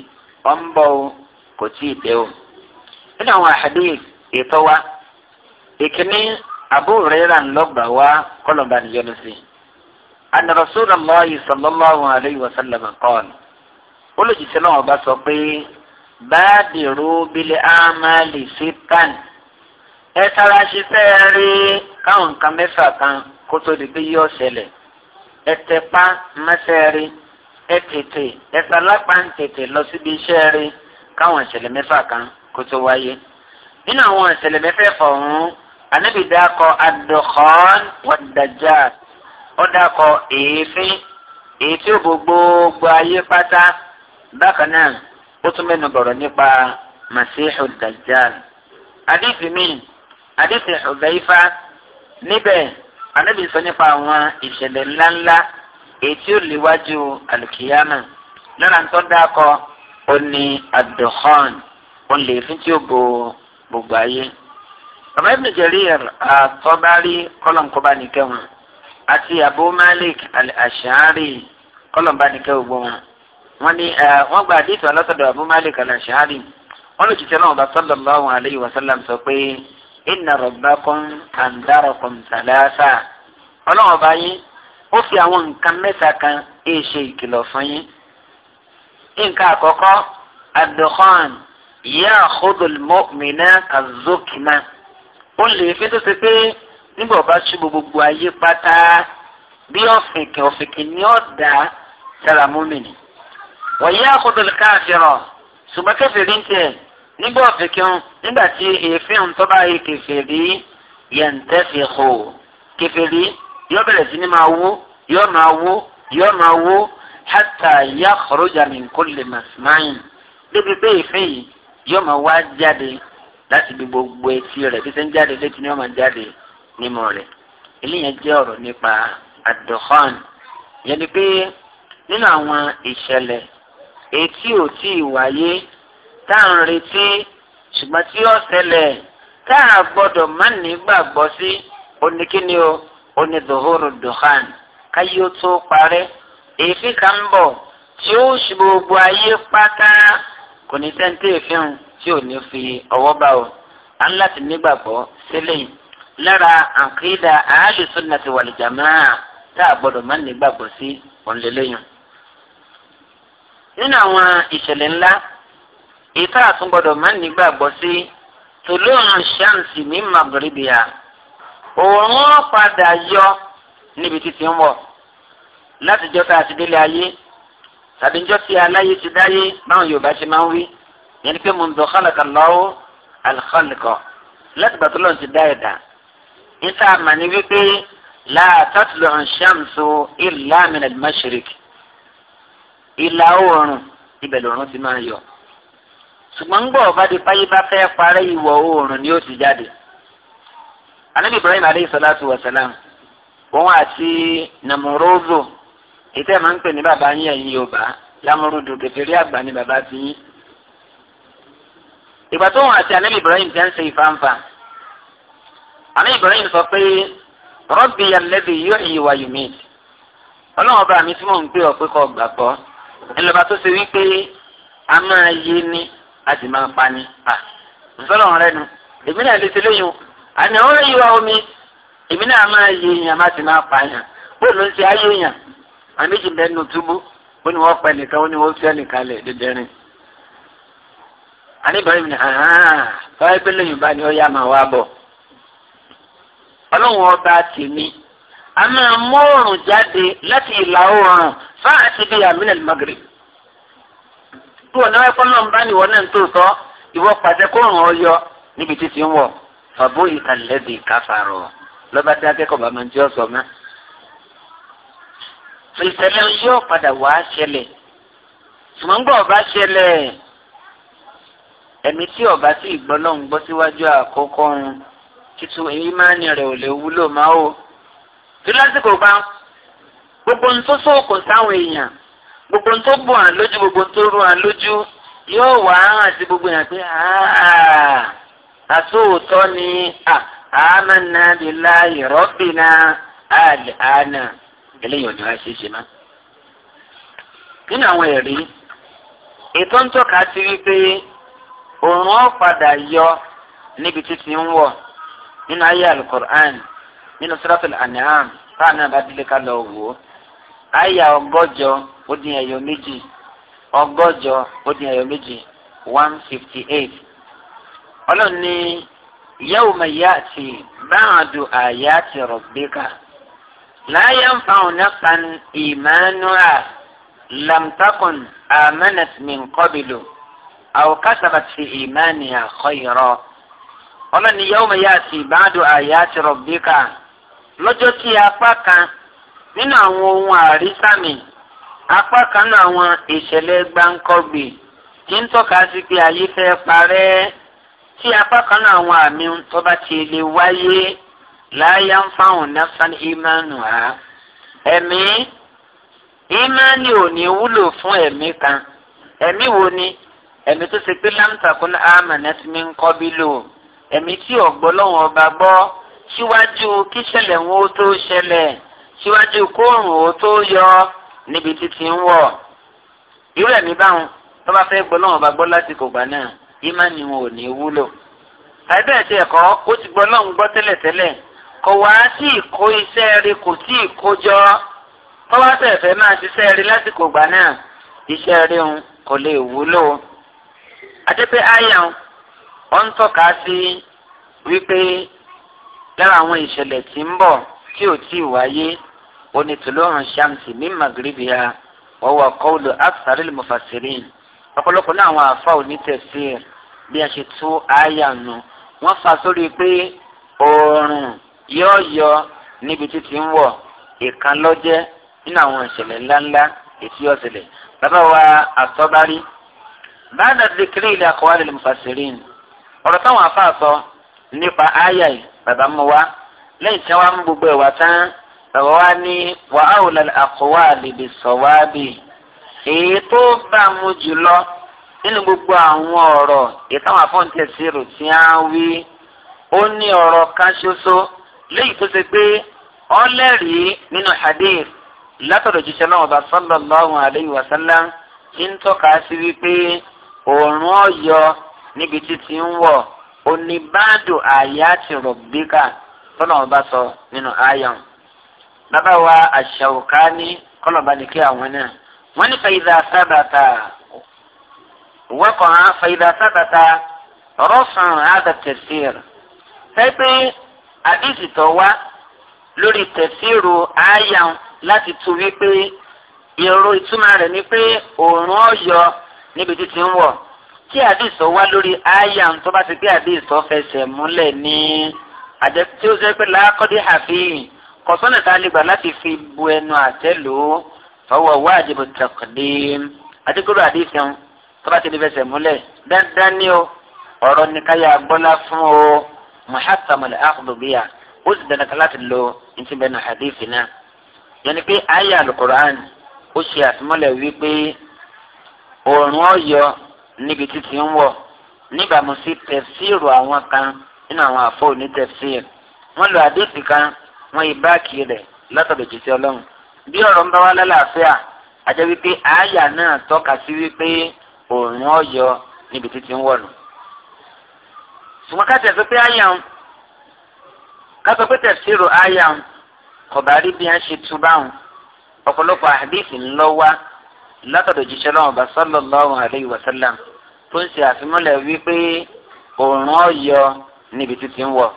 ọ̀ ń bọ̀ kò tí ì o. nínú àwọn àhàdí ètò wa ìkíní abu rẹ́rà ńlọ́gbà wá kọ́lọ̀mbà níyọnu sí i. àná rasulullahi sallallahu alayhi wa sallam qal olùjíṣẹ́ náà ọba sọ pé báàdìrú bílẹ̀ ámàlì sítán ẹ tara ṣiṣẹ́ rí káwọn nǹkan mẹ́fà kan kó tó di pé yóò ṣẹlẹ̀ ẹ tẹpá mẹ́sẹ̀ rí ẹ tètè ẹ sálápá ń tètè lọ síbi iṣẹ́ rí káwọn ìṣẹ̀lẹ̀ mẹ́fà kan kó tó wáyé nínú àwọn ìṣẹ̀lẹ̀ mẹ́fẹ̀ẹ̀fà ọ̀hún anabi dakọ adukọn wadajà ó dakọ èéfín èéfín òbò gbogbo ayé pátá bákan náà ó tún mẹ́nu bọ̀rọ̀ nípa masihu dajjal adiisi mi adiisi Hudhaifa níbẹ̀ anabi sọ nípa àwọn ìṣẹ̀lẹ̀ ńláńlá ètí ò léwájú alùkìyàmà lọ́la tó dákọ̀ ó ní adukọn ó lè tí ó bo gbogbo ayé bàbá ibn Jarir àtọ́bárí kọ́lọ̀nkọ́bá nìkẹ́ wọn àti Abu Malik al-Ash'ari kọ́lọ̀nbá nìkẹ́ gbogbo wọn wọn ni wọn gba àdéhùn alọ́sọ̀dọ̀ Abu Malik al-Ash'ari wọn lè jìtẹ́ náà bá sallallahu alayhi wa sallam sọ pé inna rabbakum andarakum thalatha ọlọ́wọ́n bá yín ó fi àwọn nǹkan mẹ́ta kan é ṣe ìkìlọ̀ fún yín nǹkan àkọ́kọ́ ad-dukhan ya'khudhu al-mu'mina ó lè fi tó ṣe pé nígbà ọba ṣubú gbogbo ayé pátá bí ọ̀fìnkì ọ̀fìnkì ni ó dá sára múmìnì. wọ̀nyí àkọ́tọ̀lù káàfìrọ̀ ṣùgbọ́n kẹfìrí ń tiẹ̀ nígbà ọ̀fìnkì nígbà tí èéfín ń tọ́ba ayé kẹfìrí yẹn tẹ́fì hù kẹfìrí yóò bẹ̀rẹ̀ sí ni máa wó yóò máa wó yóò máa wó hátà yá kọ̀rọ̀jà min kulli masma'in débi pé èéfín yìí yóò máa wá jáde láti bí gbogbo etí rẹ̀ bí sẹ́ń jáde létí ni wọ́n máa jáde nímọ̀ rẹ̀ eléyẹn jẹ́ ọ̀rọ̀ nípa ad yẹn ni pé nínú àwọn ìṣẹ̀lẹ̀ etí ò tí ì wáyé tá à ń retí ṣùgbọ́n tí ó ṣẹlẹ̀ tá a gbọ́dọ̀ má ní sí oníkíni o oní dhuhuru dukhan káyé ó tó parẹ́ èéfín kan ń bọ̀ tí ó ṣe gbogbo ayé pátá kò ní sẹ́ńtẹ́ ìfihàn tí ò ní fi ọwọ́ bá o à ń láti nígbàgbọ́ sílẹ̀ lára àkídà ahlu sunnati wal jamaa tá a gbọ́dọ̀ má nígbàgbọ́ sí ọ̀nlẹ́lẹ́yìn. nínú àwọn ìṣẹ̀lẹ̀ ńlá èyí tá a tún gbọ́dọ̀ má nígbàgbọ́ sí tòlóhùn ṣáǹsì ní magrebiya òun padà yọ níbi títí ń wọ̀ látijọ́ tá a ti délé ayé tàbí njọ́ tí aláyé ti dáyé báwọn Yorùbá ṣe máa ń wí yẹn ni pé mundu khalaqa Allahu al-khalqa láti gbàtọ́ lọ́n ti dá ẹ̀dá níta àmà ni wípé la tatlu'u ash-shamsu illa min al-mashriq ìlà oòrùn ibẹ̀ lòrùn ti máa yọ ṣùgbọ́n gbọ́ ọba di fáyé bá fẹ́ parẹ́ ìwọ̀ oòrùn ni ó ti jáde anabi ibrahim aleyhi wa salam òun àti namorozo ètò máa ń pè ní bàbá yín ẹ̀yin yorùbá lámúrúdù kẹfẹ́rí àgbà ni bàbá ti yín ìgbà tó wọn àti anabi ibrahim ti ń ṣe ìfànfà anabi ibrahim sọ pé rọ́bì alẹ́bí yóò yí wa yùmí ọlọ́run ọba mi tí mò ń gbé ọ pé kọ́ gbà gbọ́ ẹlọba tó ṣe wípé a máa yé ni a sì máa pa ni à nsọ́lọ́run rẹ nu èmi náà lè ṣe lóyún àná ọ̀rẹ́ yìí wá omi èmi náà máa yé yàn má sì máa pa yàn bó ló ń ṣe ayé yàn àmì jìnbẹ́ nù túbú ó ní wọ́n pẹ́ nìkan ó ní wọ́n fi ẹnìkan lẹ̀ dédẹ́rìn àní ibrahim ni ah, ah. báyìí pé lóyún bá ní ó yá máa wá bọ̀ ọlọ́run ọba tèmi a máa mú oòrùn jáde láti ìlà oòrùn fáàtì bíi aminal magrib bí wọn náà ẹkọ náà ń bá níwọ náà ń tó sọ ìwọ pàṣẹ kóòrùn ọyọ níbi títí ń wọ fàbó ìkàlẹ́bì káfàrọ̀ lọ́ba tí akẹ́kọ̀ọ́ bá máa ń jẹ́ ọ̀sọ̀ mọ́. ìṣẹ̀lẹ̀ yóò padà wá ṣẹlẹ̀ ṣùgbọ́n gbọ́ ọba ṣẹlẹ̀ ẹ̀mí tí ọ̀bá sí ìgbọ́lọ́hún gbọ́ síwájú àkọ́kọ́ ń tuntun èyí máa ní rẹ̀ ò lè wúlò máa o. tí lásìkò bá gbogbo ń tó sóòkò sáwọn èèyàn gbogbo ń tó bù hàn lójú gbogbo ń tó rú hàn lójú yóò wá hàn sí gbogbo yàn pé àtúntò ni àmàna bìlá ìrọ́bìnà àlẹ́ àná eléyìí ò ní wá ṣe é ṣe má. nínú àwọn ẹ̀rí ètò ń tọ́ka sí wípé òun ó padà yọ níbi títí ń wọ̀ nínú ayé alukur'an nínú suratul an'am fáànù àbádìlẹ ká lọ wò ó àyà ọgọ́jọ ó dín ẹyọ méjì ọgọ́jọ ó dín ẹyọ méjì one fifty eight ọlọ́run ní yawma ya'ti ba'du ayati rabbika la yanfa'u nafsan imanuha lam takun amanat min qablu àwòkásàbà ti ìmánì àkọyọrọ ọlọ́ni yawma ya'ti ba'du ayati rabbika lọ́jọ́ tí apá kan nínú àwọn ohun àrísàmì apá kan nínú àwọn ìṣẹ̀lẹ̀ gbáǹkọ́gbì tí ń tọ́ka sí pé ayé fẹ́ parẹ́ tí apá kan nínú àwọn àmì tó bá ti lè wáyé láyà ń fáwọn nafsan ìmánu ha ẹ̀mí ìmánu ò ní wúlò fún ẹ̀mí kan ẹ̀mí wo ni ẹ̀mí tó ṣe pé láǹtàkùn amanat min qabilu ẹ̀mí tí ọ̀gbọ́ lọ́wọ́ ọba gbọ́ síwájú kíṣẹ̀lẹ̀ wọn ó tó ṣẹlẹ̀ síwájú kóòrùn ó tó yọ níbi títí ń wọ̀ irú ẹ̀mí báwọn tó bá fẹ́ gbọ́ lọ́wọ́ ọba gbọ́ lásìkò gbà náà ìmánì wọn ò ní wúlò àìbẹ́ ẹ̀ tí ẹ̀kọ́ ó ti gbọ́ lọ́hùn gbọ́ tẹ́lẹ̀tẹ́lẹ̀ kò wá tí ì iṣẹ́ rí kò tí ì kó jọ tọ́wọ́ sẹ̀fẹ̀ máa ṣiṣẹ́ rí lásìkò gbà náà iṣẹ́ rí ń kò lè wúlò àtẹ́pẹ́ àyà ọ̀ ń tọ́ka sí wípé lára àwọn ìṣẹ̀lẹ̀ tí ń bọ̀ tí ò tí ì wáyé onítùlóhàn ṣàǹtì ní magribia ọwọ́ kọ́ọ̀lù afsaril mufassirin ọ̀pọ̀lọpọ̀ náà àwọn àfa onítẹ̀sí bí a ṣe tú àyà nù wọ́n fa sórí pé oòrùn yóò níbi títí ń wọ̀ ìkan nínú àwọn ìṣẹ̀lẹ̀ ńláńlá ètí ọ̀sẹ̀lẹ̀ bàbá wa àsọ́bárí báyìí dìkìrì ilẹ̀ àkọ́wálé lè mufassirin ọ̀rọ̀ táwọn afáà sọ nípa àyà yìí bàbá mu wá lẹ́yìn tí wọ́n gbogbo ẹ̀ wá tán wa ní wà á wò lálẹ́ àkọ́wálé lè sọ wá bì èyí tó bá mu gbogbo òòrùn ọ̀yọ́ níbi títí ń wọ̀ oníbàdù àyà ti rọ̀bíkà tọ́nà ọba sọ nínú àyà wọn. bàbá wa àṣàwùká ní kọlọ̀bá ní kí àwọn náà wọ́n ní fàyídà sábàtà wọ́kàn án fàyídà sábàtà rọ́sàn àdà tẹ̀sír. pẹ́pẹ́ àdìsítọ̀ wá lórí tẹ̀síru àyà láti tu wípé ìró ìtumọ̀ rẹ̀ ni pé òòrùn ọ̀yọ́ níbi títí ń wọ̀ tí àdìsọ wá lórí àyà ń tó bá ti gbé àdìsọ fẹsẹ̀ múlẹ̀ ní àjẹ tí ó sẹ́ pé làákọ́dé àfihàn kọ̀sọ́nà tá a lè gbà láti fi bu ẹnu àtẹ́ lò ó fọwọ́ wá àdìbò tẹ̀kọ̀dé àdìgbòrò àdìsọ tó bá ti lè fẹsẹ̀ múlẹ̀ dandan ni o ọ̀rọ̀ ni káyà gbọ́lá fún o muhatamul akhdobia ó sì dandan láti lo ntí bẹ́ẹ̀ nà àdìsọ náà yẹn ni pé àyà alukur'an òòrùn ọ̀yọ́ níbi títí ń wọ̀ si sí tẹ̀síìrù àwọn kan nínú àwọn àfọ òní tẹ̀síìr wọ́n lo àdéhùn kan wọ́n yí báàkì rẹ̀ lọ́sọ̀dọ̀ jùsí ọlọ́run bí ọ̀rọ̀ ń bá wá lálàáfíà àjẹ́ wípé àáyà náà tọ́ka sí wípé òòrùn ọ̀yọ́ níbi títí ń nù ká tẹ̀sí pé àyà ń ká sọ pé tẹ̀síìrù àyà ń látọ̀dọ̀ jíṣẹ́ lọ́wọ́ bá sallallahu alayhi wa sallam tó ń ṣe àfimúlẹ̀ wípé òòrùn ọ̀yọ́ níbi títí ń wọ̀.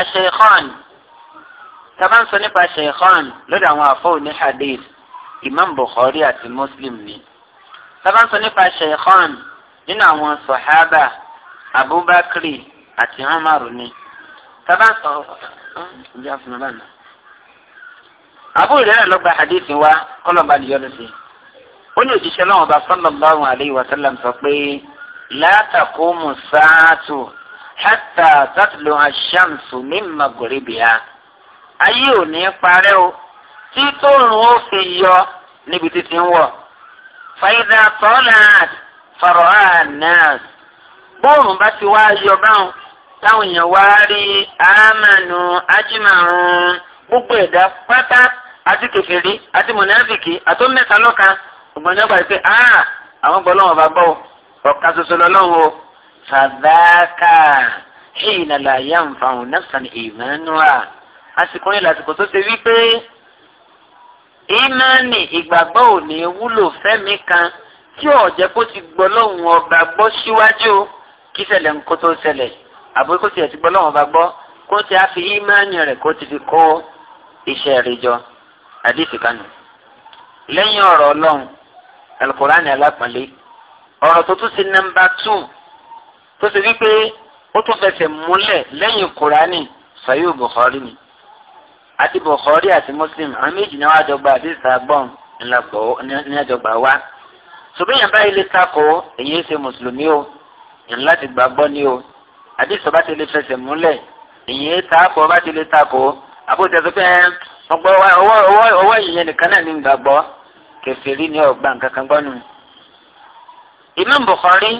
àṣeyìkọ́n tábà ń sọ nípa àṣeyìkọ́n lọ́dọ̀ àwọn àfọ́ òní hadith imam bukhari àti muslim ni. tábà ń sọ nípa àṣeyìkọ́n nínú àwọn sọ̀hábà abubakri àti umaru ni. tábà ń sọ abu rẹ̀ lọ́gba hadith wa kọ́lọ̀ bá lè yọ lọ́sẹ̀ ó ní òjíṣẹ́ náà ọba sallallahu alayhi wa sallam sọ pé la taqumu saatu hatta tatlu ash-shamsu min maghribiha ayé ò ní parẹ́ o tí tóorùn ó fi yọ níbi títí ń wọ̀ fa idha talat fara'a an-nas bóòrùn bá ti wá yọ báwọn táwọn èèyàn wá rí àmànù ajímàrún gbogbo ẹ̀dá pátá àti kèfèrí àti mọ̀nàfìkì àtọ́mẹ́ta lọ́ka ọmọ ní ọgbà yìí pé ah àwọn gbọ́ lọ́wọ́ bá gbọ́ o ọ̀ka soso lọ́wọ́ o fàdákà hìnà làyà nfàwọn nàfsàn ìmánúà àsìkò yìí làsìkò tó ṣe wípé ìmánì ìgbàgbọ́ ò ní wúlò fẹ́mi kan tí ọ̀jẹ̀ kó ti gbọ́ lọ́wọ́ ọba gbọ́ síwájú kí ṣẹlẹ̀ ńkó tó ṣẹlẹ̀ àbúrò kó tiẹ̀ ti gbọ́ lọ́wọ́ ọba gbọ́ kó ti á fi ìmánì rẹ̀ kó ti fi kó iṣẹ́ rẹ̀ jọ àdìsí kanu lẹ́yìn ọ̀rọ̀ ọlọ́run alukur'an alápọ̀nlé ọ̀rọ̀ tó tún sí nọ́mbà tù tó sì wípé ó tún fẹsẹ̀ múlẹ̀ lẹ́yìn kur'ani sọ̀yìn bukhari ni ati bukhari ati muslim àwọn méjì náà wàá dọ́gba àti sàgbọ́n ní àjọgbà wa sọ̀bẹ́yìn abáyé lè takò èyí ṣe mùsùlùmí o ìlú láti gbàgbọ́ ni o àti sọ̀bá ti lè fẹsẹ̀ múlẹ̀ èyí takò bá ti lè takò àbótẹ́sọ̀fẹ́ ọgbọ́ ọwọ́ ìyẹn nìkan náà ní gbàgbọ́ kẹfẹ́rí ni ọgbà nǹkan kan gbọ́nù. Imam Bukhari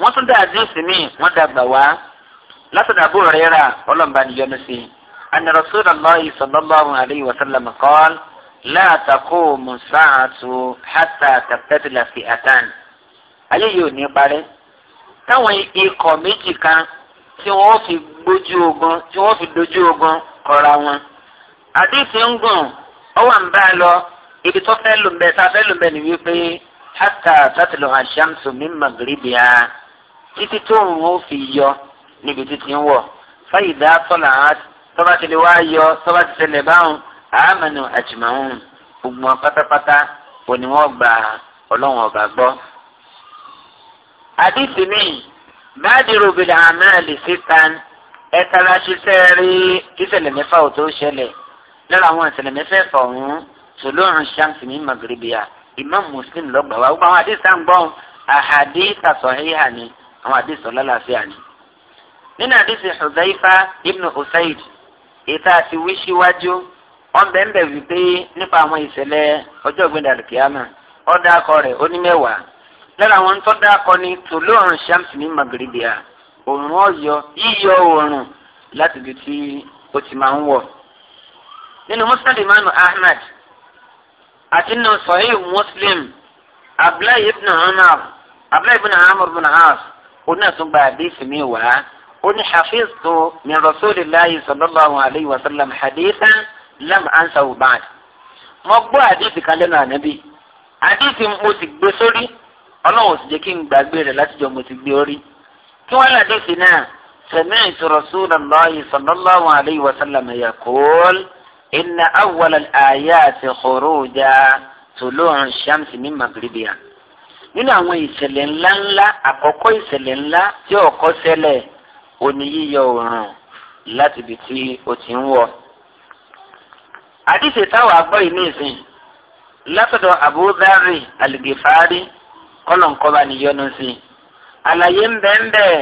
wọ́n tún dá àdéhùn mi wọ́n dàgbà wá látọ̀dọ̀ Abu Huraira ọlọ́mọba níyọnu sí i. أن رسول الله صلى الله عليه وسلم قال لا تقوم الساعة حتى تبتدل فئتان ayé yìí ò ní parẹ́ táwọn ikọ̀ méjì kan tí wọ́n fi gbójú ogun tí wọ́n fi dojú ogun kọra wọn. àdéhùn ń gùn ọwọ́ ń bá a lọ ibi tó fẹ́ lò mbẹ́ sáfẹ́ lò mbẹ́ ni wípé hata tatlo ashamsu min magribiha títí tó ń wo fi yọ níbi títí ń wọ̀ fáyidá tọ́lá tọ́ba ti lè wá yọ tọ́ba ti ṣẹlẹ̀ báwọn àmàlù àjùmáwùn gbogbo wọn pátápátá wọn ni wọn gba ọlọ́run ọba gbọ́. àdìsí mi báàdìrò bìlà àmàlì sítan ẹ tara ṣiṣẹ́ rí kíṣẹ̀lẹ̀ mẹ́fà ò tó ṣẹlẹ̀ lọ́la àwọn ìṣẹ̀lẹ̀ mẹ́fẹ̀ẹ̀fà ọ̀hún tòlóòrùn ṣàǹsì ní magrebiya imam muslim lọ́gbà wa gbogbo àwọn àdìsá ń gbọ́n àhàdìsá sọ̀híhà ni àwọn àdìsá lálàáfíà ni. nínú àdìsí Hudhaifa ibn Usaid ètò àti wíṣíwájú wọn bẹ̀ ń bẹ̀ wípé nípa àwọn ìṣẹ̀lẹ̀ ọjọ́ ìgbìndà kìámà ọ̀dà akọ rẹ̀ onímẹ̀wàá lára àwọn tó dá akọ ni tòlóòrùn ṣàǹsì ní magrebiya òòrùn ọ̀yọ́ yíyọ òòrùn láti ibi tí ó ti máa ń wọ̀. nínú musnad imam ahmad àti nà sọ̀hìn muslim abdullahi ibn umar abdullahi ibn amr ibn as ó náà tún gba àdéhùn mi wá ó ní hafiztu min rasulillahi sallallahu alayhi wa sallam hadithan lam ansahu ba'd mo gbọ́ àdéhùn kan lẹ́nu ànábì àdéhùn mo ti gbé sórí ọlọ́run sì jẹ́ kí n gbàgbé rẹ̀ látijọ́ mo ti gbé orí kí wọ́n ládéhùn náà sami'tu rasulallahi sallallahu alayhi wa sallam yaqul. إن أول الآيات خروج طلوع الشمس من مغربها nínú àwọn ìṣẹ̀lẹ̀ ńlá ńlá àkọ́kọ́ ìṣẹ̀lẹ̀ ńlá tí ọ̀kọ́ ṣẹlẹ̀ òní yíyọ òòrùn láti ibi tí o ti ń wọ̀. àdìsẹ̀ táwọn àgbọ̀ yìí nìsín látọ̀dọ̀ Abu Dharri al-Ghifari kọ́lọ̀ǹkọ́ba níyọnu sí i. àlàyé ń bẹ́ẹ̀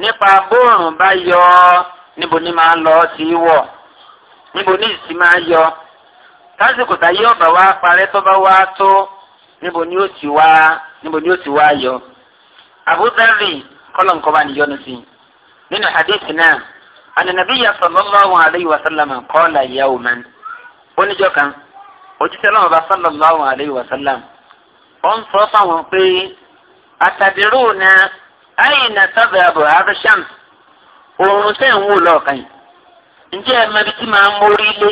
nípa bóòrùn bá yọ níbo ni máa ń lọ sí í wọ̀ níbo ní ìsìn máa yọ tásìkò táyé ọ̀bà wa parẹ́ tó bá wá tó níbo ni ó ti wá níbo ni ó ti wá yọ. àbúdárì kọ́lọ̀nkọ́ bá níyọnu sí i nínú hadith náà ànànàbíyà sallallahu alayhi wa sallam qala yawman oníjọ́ kan òjíṣẹ́ náà bá sallallahu alayhi wa sallam ó ń sọ fáwọn pé àtàdérò náà ayna tadhhabu hadha shams òòrùn tẹ̀ ń wò lọ́ọ̀kan yìí. ǹjẹ́ ẹ mẹ́bi tí màá mórí lé.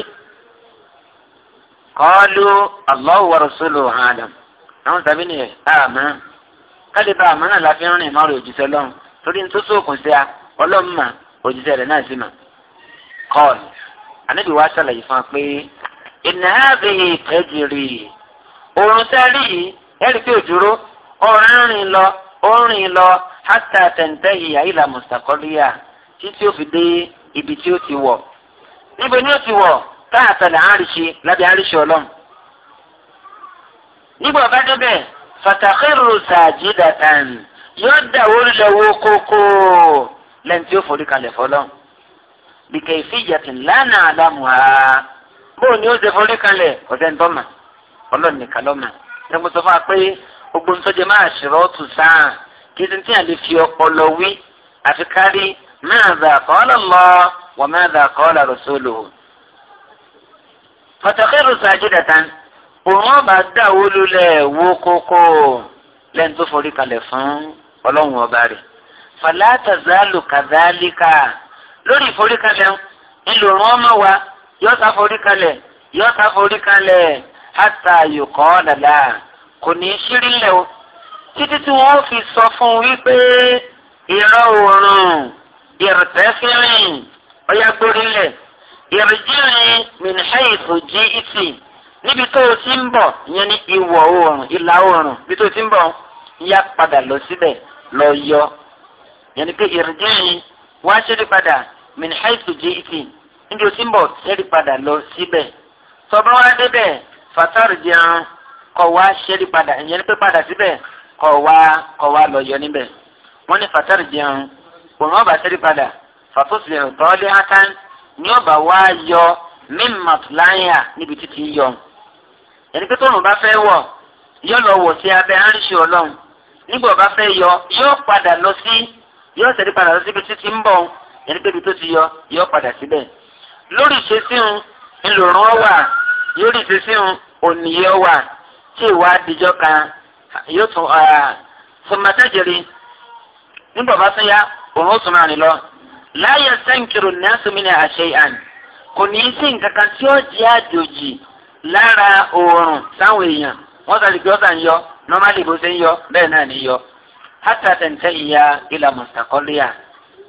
kọ́ọ́lù Allahu wa rasuluhu àwọn tàbí nìyẹn àmọ́ kálíbà àmọ́ náà láfi rìn mọ́ òjíṣẹ́ lọ́run torí ní tó sóòkùn sí a ọlọ́run mà òjíṣẹ́ rẹ̀ náà sì mà. wa ṣàlàyé fún wa pé ìtẹ́jìrì òrùn sẹ́rí yìí ẹ̀rí pé òdúró rìn lọ ó lọ hátà tẹ̀ǹtẹ̀ yìí àyílà títí ó fi dé ibi tí ó ti wọ̀ níbo ni ó ti wọ̀ káàtàlẹ̀ àríṣe lábẹ́ àríṣe ọlọ́run nígbà bá débẹ̀ fàtàkìrù sàjídàtàn yóò dàwó lọ́wọ́ kókó lẹ́yìn tí ó forí kalẹ̀ fọlọ́run bìkẹ́ ìfìjàtìn lánàá àlámùhà bóun ni ó ṣe forí kalẹ̀ ọ̀dẹ́ńdọ́mà ọlọ́run nìkan lọ́mà ẹgbẹ́ sọ fún wa pé ogun tó jẹ máa ṣèrọ́ tù sáà kí ti tí a lè fi ọpọlọ wí àfi ماذا قال الله وماذا قال رسوله فتخر ساجدة وما bá dáwó lulẹ̀ wo kókó lẹ́yìn tó فلا تزال كذلك ọlọ́run ọba rẹ̀ falatazalu kadhalika lórí ìforíkalẹ̀ ńlọrọ̀ ọmọ wa yóò sá foríkalẹ̀ yóò sá foríkalẹ̀ hatta yuqala la kò ní í ṣírí lẹ̀ o títí tí wọ́n fi sọ fún wípé ìrọ̀ òòrùn ìrìtẹ́fìrín ọ̀yà gbórílẹ̀ ìrìjìrín mìnìhẹ́ìfù jí ìtì níbi tó o ti ń bọ̀ ìyẹn ní ìwọ̀ oòrùn ìlà oòrùn níbi tó o ti ń bọ̀ yá padà lọ síbẹ̀ lọ yọ ìyẹn ní pé ìrìjìrín wá ṣẹ́rí padà mìnìhẹ́ìfù jí ìtì níbi o ti ń bọ̀ ṣẹ́rí padà lọ síbẹ̀ tọ́ba wá débẹ̀ fatari jẹun kọ̀ wá ṣẹ́rí padà ìyẹn ní pé padà síbẹ̀ kọ̀ wá kọ̀ wá lọ yọ níbẹ̀ wọ́n ní fatari jẹun kò ní ọba sẹ́rí padà fàtọ́sílẹ̀ ìtọ́lé ákán ní ọba wá yọ mímọ̀tìláyà níbi títí yọ. ẹni pé tóun bá fẹ́ wọ̀ yóò lọ wọ̀ sí abẹ́ àríṣe ọlọ́run nígbà ọba fẹ́ yọ yóò padà lọ sí yóò sẹ́rí padà lọ síbi títí ń bọ̀ ẹni pé ibi tó ti yọ yóò padà síbẹ̀. lórí ìṣesíhun ńlọrọ̀ wà lórí ìṣesíhun ònìyẹ wà tí ìwà àdìjọ kan yóò tún fọmọtẹ́jẹrì nígbà ọba fẹ́ yá òun ó tún máa rìn lọ. láyé sẹ́ńkìrò nẹ́sùmínà àṣẹ àn kò ní í sí nǹkan kan tí ó jẹ́ àjòjì lára oòrùn sáwọn èèyàn wọ́n sọ àdìgbò ọ̀sán yọ nọ́málì bó ṣe ń yọ bẹ́ẹ̀ náà ní yọ. hátà tẹ̀ǹtẹ̀ ìyá ìlà mọ̀sàkọ́lẹ́yà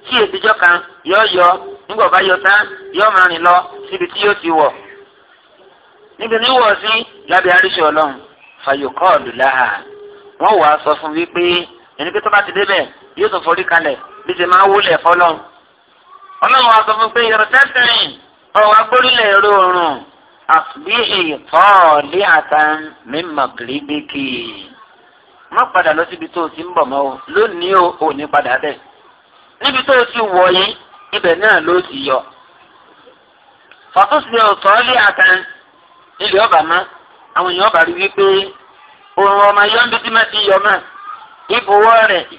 tí ètijọ́ kan yọ yọ nígbà bá yọ tán yọ máa rìn lọ síbi tí yóò ti wọ̀ níbi ní wọ́n sí lábẹ́ àríṣe ọlọ́run fàyòkọ́ọ̀lù láhà wọ́n wàá sọ fún wípé ẹni pé tó bá ti débẹ̀ yóò tún forí kalẹ̀ bí ṣe máa wúlẹ̀ fọlọ́ ọlọ́run wa sọ fún pé yọrọ tẹ́tẹ̀rìn ọ̀rọ̀ agbórílẹ̀ èrò oòrùn àfìlíhì tọ́ọ̀lì àtàn mímọ̀ kìrìbìkì má padà lọ síbi tó o ti ń bọ̀ mọ́ o lónìí o ò ní padà níbi tó o ti wọ̀ yìí ibẹ̀ náà ló ti yọ fàtúnṣe ọ̀tọ́ọ̀lì àtàn ilé ọba mọ́ àwọn èèyàn ọba rí wípé oòrùn ọmọ tí má ti yọ mọ́ rẹ̀ ti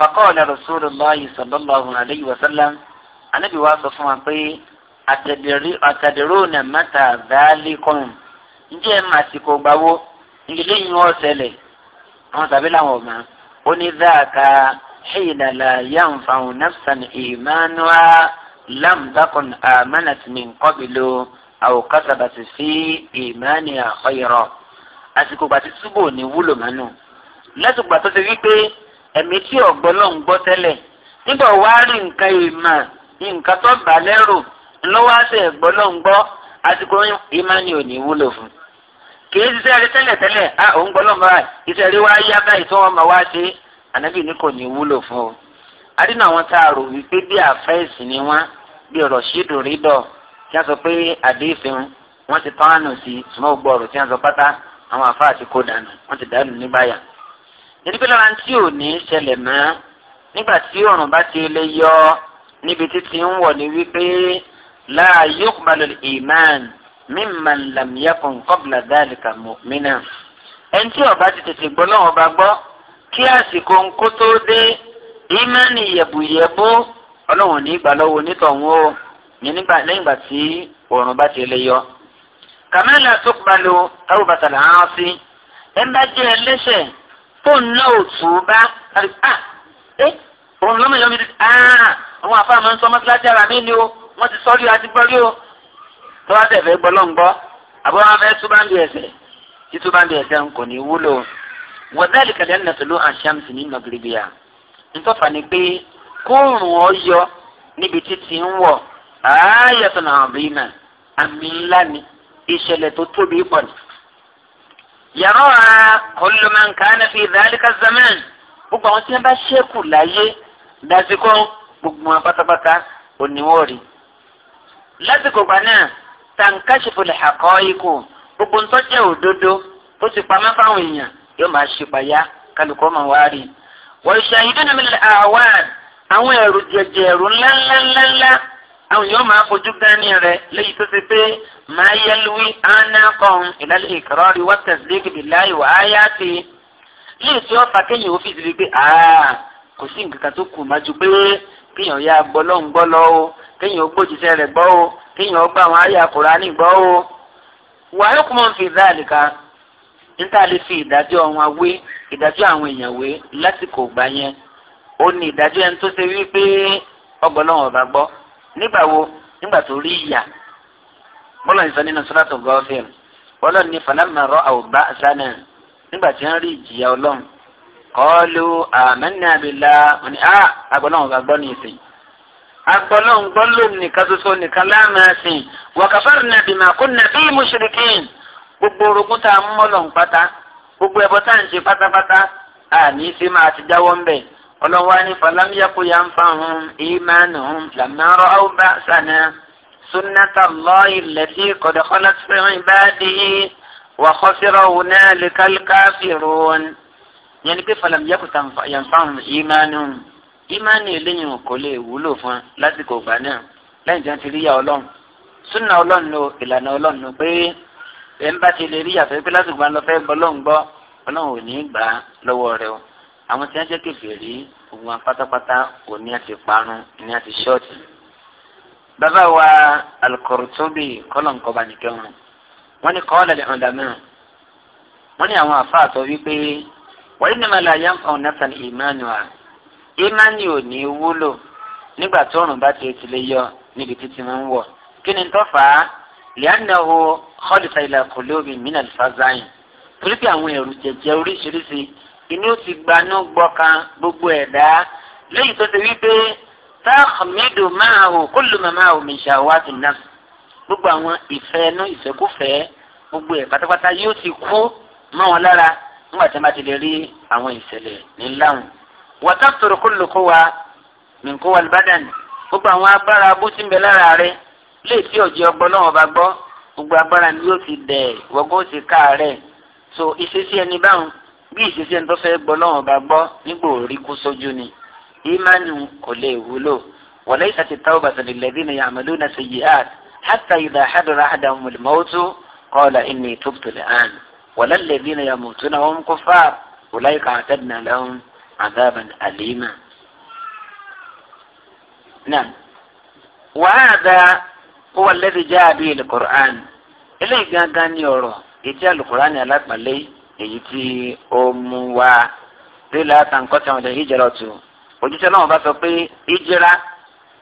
faqala rasulullahi sallallahu alayhi wa sallam anabi wa sọ fún wa pé atadiruna mata dhalikum njẹ́ ẹ̀ máa ti kó gbawó ìdílé yìí wọ́n ṣẹlẹ̀ àwọn tàbí làwọn ọ̀ma ó ní dáàka hina la yanfa'u nafsan imanuha lam takun amanat min qablu aw àsìkò gbàtí túbò ní wúlò mánú lẹ́sùn gbàtọ́ ti wí pé. ẹ̀mí tí ọ̀gbẹ́ ló ń gbọ́ tẹ́lẹ̀ nígbà wá rí nǹkan ìmọ̀ nǹkan tó bà lẹ́rù lọ́wọ́ àti ẹ̀gbọ́ ló ń gbọ́ àsìkò ìmánì ò ní wúlò fún kì í ṣiṣẹ́ a ò ń gbọ́ iṣẹ́ rí wá ṣe ànábì ní kò ní wúlò fún o. tá a rò wípé bí ni wọ́n bí ọ̀rọ̀ tí a sọ pé wọn ti nítorí lára tí ò ní ṣẹlẹ̀ mọ́ nígbà tí òrùn bá ti lè yọ níbi títí ń wọ̀ ní wípé la yuqbalu al-iman mimman lam yakun qabla dhalika mu'mina ẹni tí ó bá ti tètè gbọ́ lọ́wọ́ bá gbọ́ kí àsìkò ńkó tó dé ìmánì yẹ̀bùyẹ̀bù ọlọ́run ní lọ́wọ́ onítọ̀hún o ní nígbà lẹ́yìn ìgbà tí òòrùn bá ti lè yọ. kàmẹ́là tó palo táwọn bàtà là sí ẹ fóònù náà ò tù ú bá ah, òun lọ́mọ ìyọ́mi ah, àwọn afáàmù ń sọ mọ́tíláṣí ara mi ni o wọ́n ti sọ́ọ́rí àti gbọ́rí o tọ́wọ́ tẹ̀fẹ́ gbọ́ lọ́n gbọ́ àbúrò wọn fẹ́ túbá ń bí ẹsẹ̀ tí túbá ń bí ẹsẹ̀ ń kò ní wúlò wọ́n dáàlì kàdé ẹ̀ nàtòló àṣàmùsì ní nàgìrìbìyà ntọ́fà ni pé kóòrùn ọ̀yọ́ níbi títí ń wọ̀ ààyè tó nà àbí mà yàrá kọlùmọ̀ nǹkan fi dàlíkà zaman gbogbo àwọn tí wọn bá ṣẹ́kù láyé dasìkò gbogbo wọn pátápátá òníwó rí. lásìkò gbà náà tàǹkàṣìfò lè àkọ́ ikú gbogbo ń tọ́jú òdodo ó sì pamọ́ fáwọn èèyàn yóò máa ṣe pàyà kálukọ́ máa wá rí. wọ́n ṣe àyídọ́nàmílẹ̀ àwọn àwọn ẹ̀rù jẹjẹrù ńláńláńláńlá àwọn yóò máa fojú gánni rẹ léyìí tó ṣe pé máa yẹluwi anákan ìlàlẹ̀ ìkọ́rọ́rì wá tẹ̀sílẹ́kì bí láì wá áyá ti léyìí tí wọ́n fà kéèyàn ó fi ti rí kò sí nǹkan tó kù má ju pé kéèyàn ya gbọ́ lọ́n gbọ́ lọ o kéèyàn ó gbòjìṣẹ́ rẹ̀ gbọ́ o kéèyàn ó gbọ́ àwọn àyà Kùránì gbọ́ o. wàá kò mọ̀ fi dáàlìkà níta lè fi ìdájọ́ wọn wé ìdájọ́ àwọn èèyàn wé lásìkò ìgbà yẹn ó ní ìdájọ́ ẹni nígbà wo nígbà tó rí ìyà bọ́lá ìsọ nínú sọ́dọ̀tò gọ́ọ̀fìn bọ́lá ní fanáàmà rọ àwòbá sánà nígbà tí wọ́n rí ìjìyà ọlọ́run kọ́ọ́lù àmẹ́nàbílà òní à agbọ́lọ́run gbọ́ ní ìsìn agbọ́lọ́run gbọ́ lónìí nìkan ṣoṣo nìkan láàmà sìn wàkàfàrù nàbì mà kó nàbí mùsùlùkìn gbogbo orogún tá a mú mọ́lọ̀ ń pátá gbogbo ẹbọ tá à ń ṣe pátápátá à ní máa ti jáwọ́ ń bẹ̀ ọlọ́wọ́ ni falamiyako ya ń fa hun ìmánu hun lamaro awuba sana sunnata lọ́ọ̀yì lẹ́tí kọ̀dọ̀kọ́lá fẹ́ràn ìbáàdìyí wà kọ́sírọ̀ wù náà lẹ́kálíkà fìrún. yẹn ni pé falamiyako ya ń fa hun ìmánu hun ìmánu eléyìn kò lè wúlò fún lásìkò ìgbà náà lẹ́yìn tí wọ́n ti rí ya ọlọ́run sunna ọlọ́run ló ìlànà ọlọ́run ló pé ẹ̀ ń bá ti lè rí yàtọ̀ pé lásìkò ìgbà lọ fẹ́ àwọn tí wọ́n jẹ́ kèfèrí gbogbo wọn pátápátá òní àti parun ní àti ṣọ́ọ̀tì. bàbá wa al-Qurtubi kọ́lọ̀ nǹkan bá nìkẹ́ wọn wọ́n ní kọ́ọ́lẹ̀ lè hàn dàmíràn wọ́n ní àwọn àfa àtọ́ wípé wọ́n ní màlá yam ọ̀hún nàtàn emmanuel emmanuel ní wúlò nígbà tó rùn bá tiẹ̀ ti lè yọ níbi títí wọn ń kí ni tó fà á lẹ́yìnáwó kọ́lìfà ìlà kòlóòbì mìíràn fàzáyìn torí pé àwọn ẹ̀rù jẹjẹ oríṣiríṣi ìní ó sì gbanú gbọ̀kan gbogbo ẹ̀dá lẹ́yìn tó ti wí pé táàmídò máa hù kúlù màmá omi ṣàwádìí náà gbogbo àwọn ìfẹ́ inú ìfẹ́kúfẹ́ gbogbo ẹ̀ pátápátá yóò ti kú mọ́ wọn lára nígbà tí wọ́n bá ti lè rí àwọn ìṣẹ̀lẹ̀ níláhùn. wọ́tá tòrò kúlù kó wa nìkó wa lùbádàn gbogbo àwọn agbára abú sí mi lára rẹ lè tí òjì ọgbọ́n náà bá gbọ́ gbogbo agbára ni yóò ti dẹ̀ wọ́gbọ́n ó ti káàárẹ̀ so ìṣesí ẹni báwọn bí ìṣesí ẹni tó fẹ́ gbọ́ lọ́wọ́n bá gbọ́ nígbò rí kú sójú ni ìmánu kò lè wúlò wọlé àti táwọn bàtàlì lẹ́bí ni àmàlú náà ṣe yìí àt hàtà ìdá àdúrà àdàmú mọ́tò kọ́ọ̀là ìní tóbtòlẹ̀ àn wọlé lẹ́bí ni àmọ̀tò náà wọ́n kó fà wọlé kà àtẹ́dínà lẹ́hùn àdàbàn àlìmà. náà wàhádà kó wà lẹ́bi jáàbí ìlú kùrán eléyìí gángan ní ọ̀rọ̀ ètí àlùkùrán ní alápàlẹ́yìí èyí tí ó mú wá lílà àtàǹkọ́tà ọ̀dẹ̀ hijira tù ojúṣe náà bá sọ pé hijira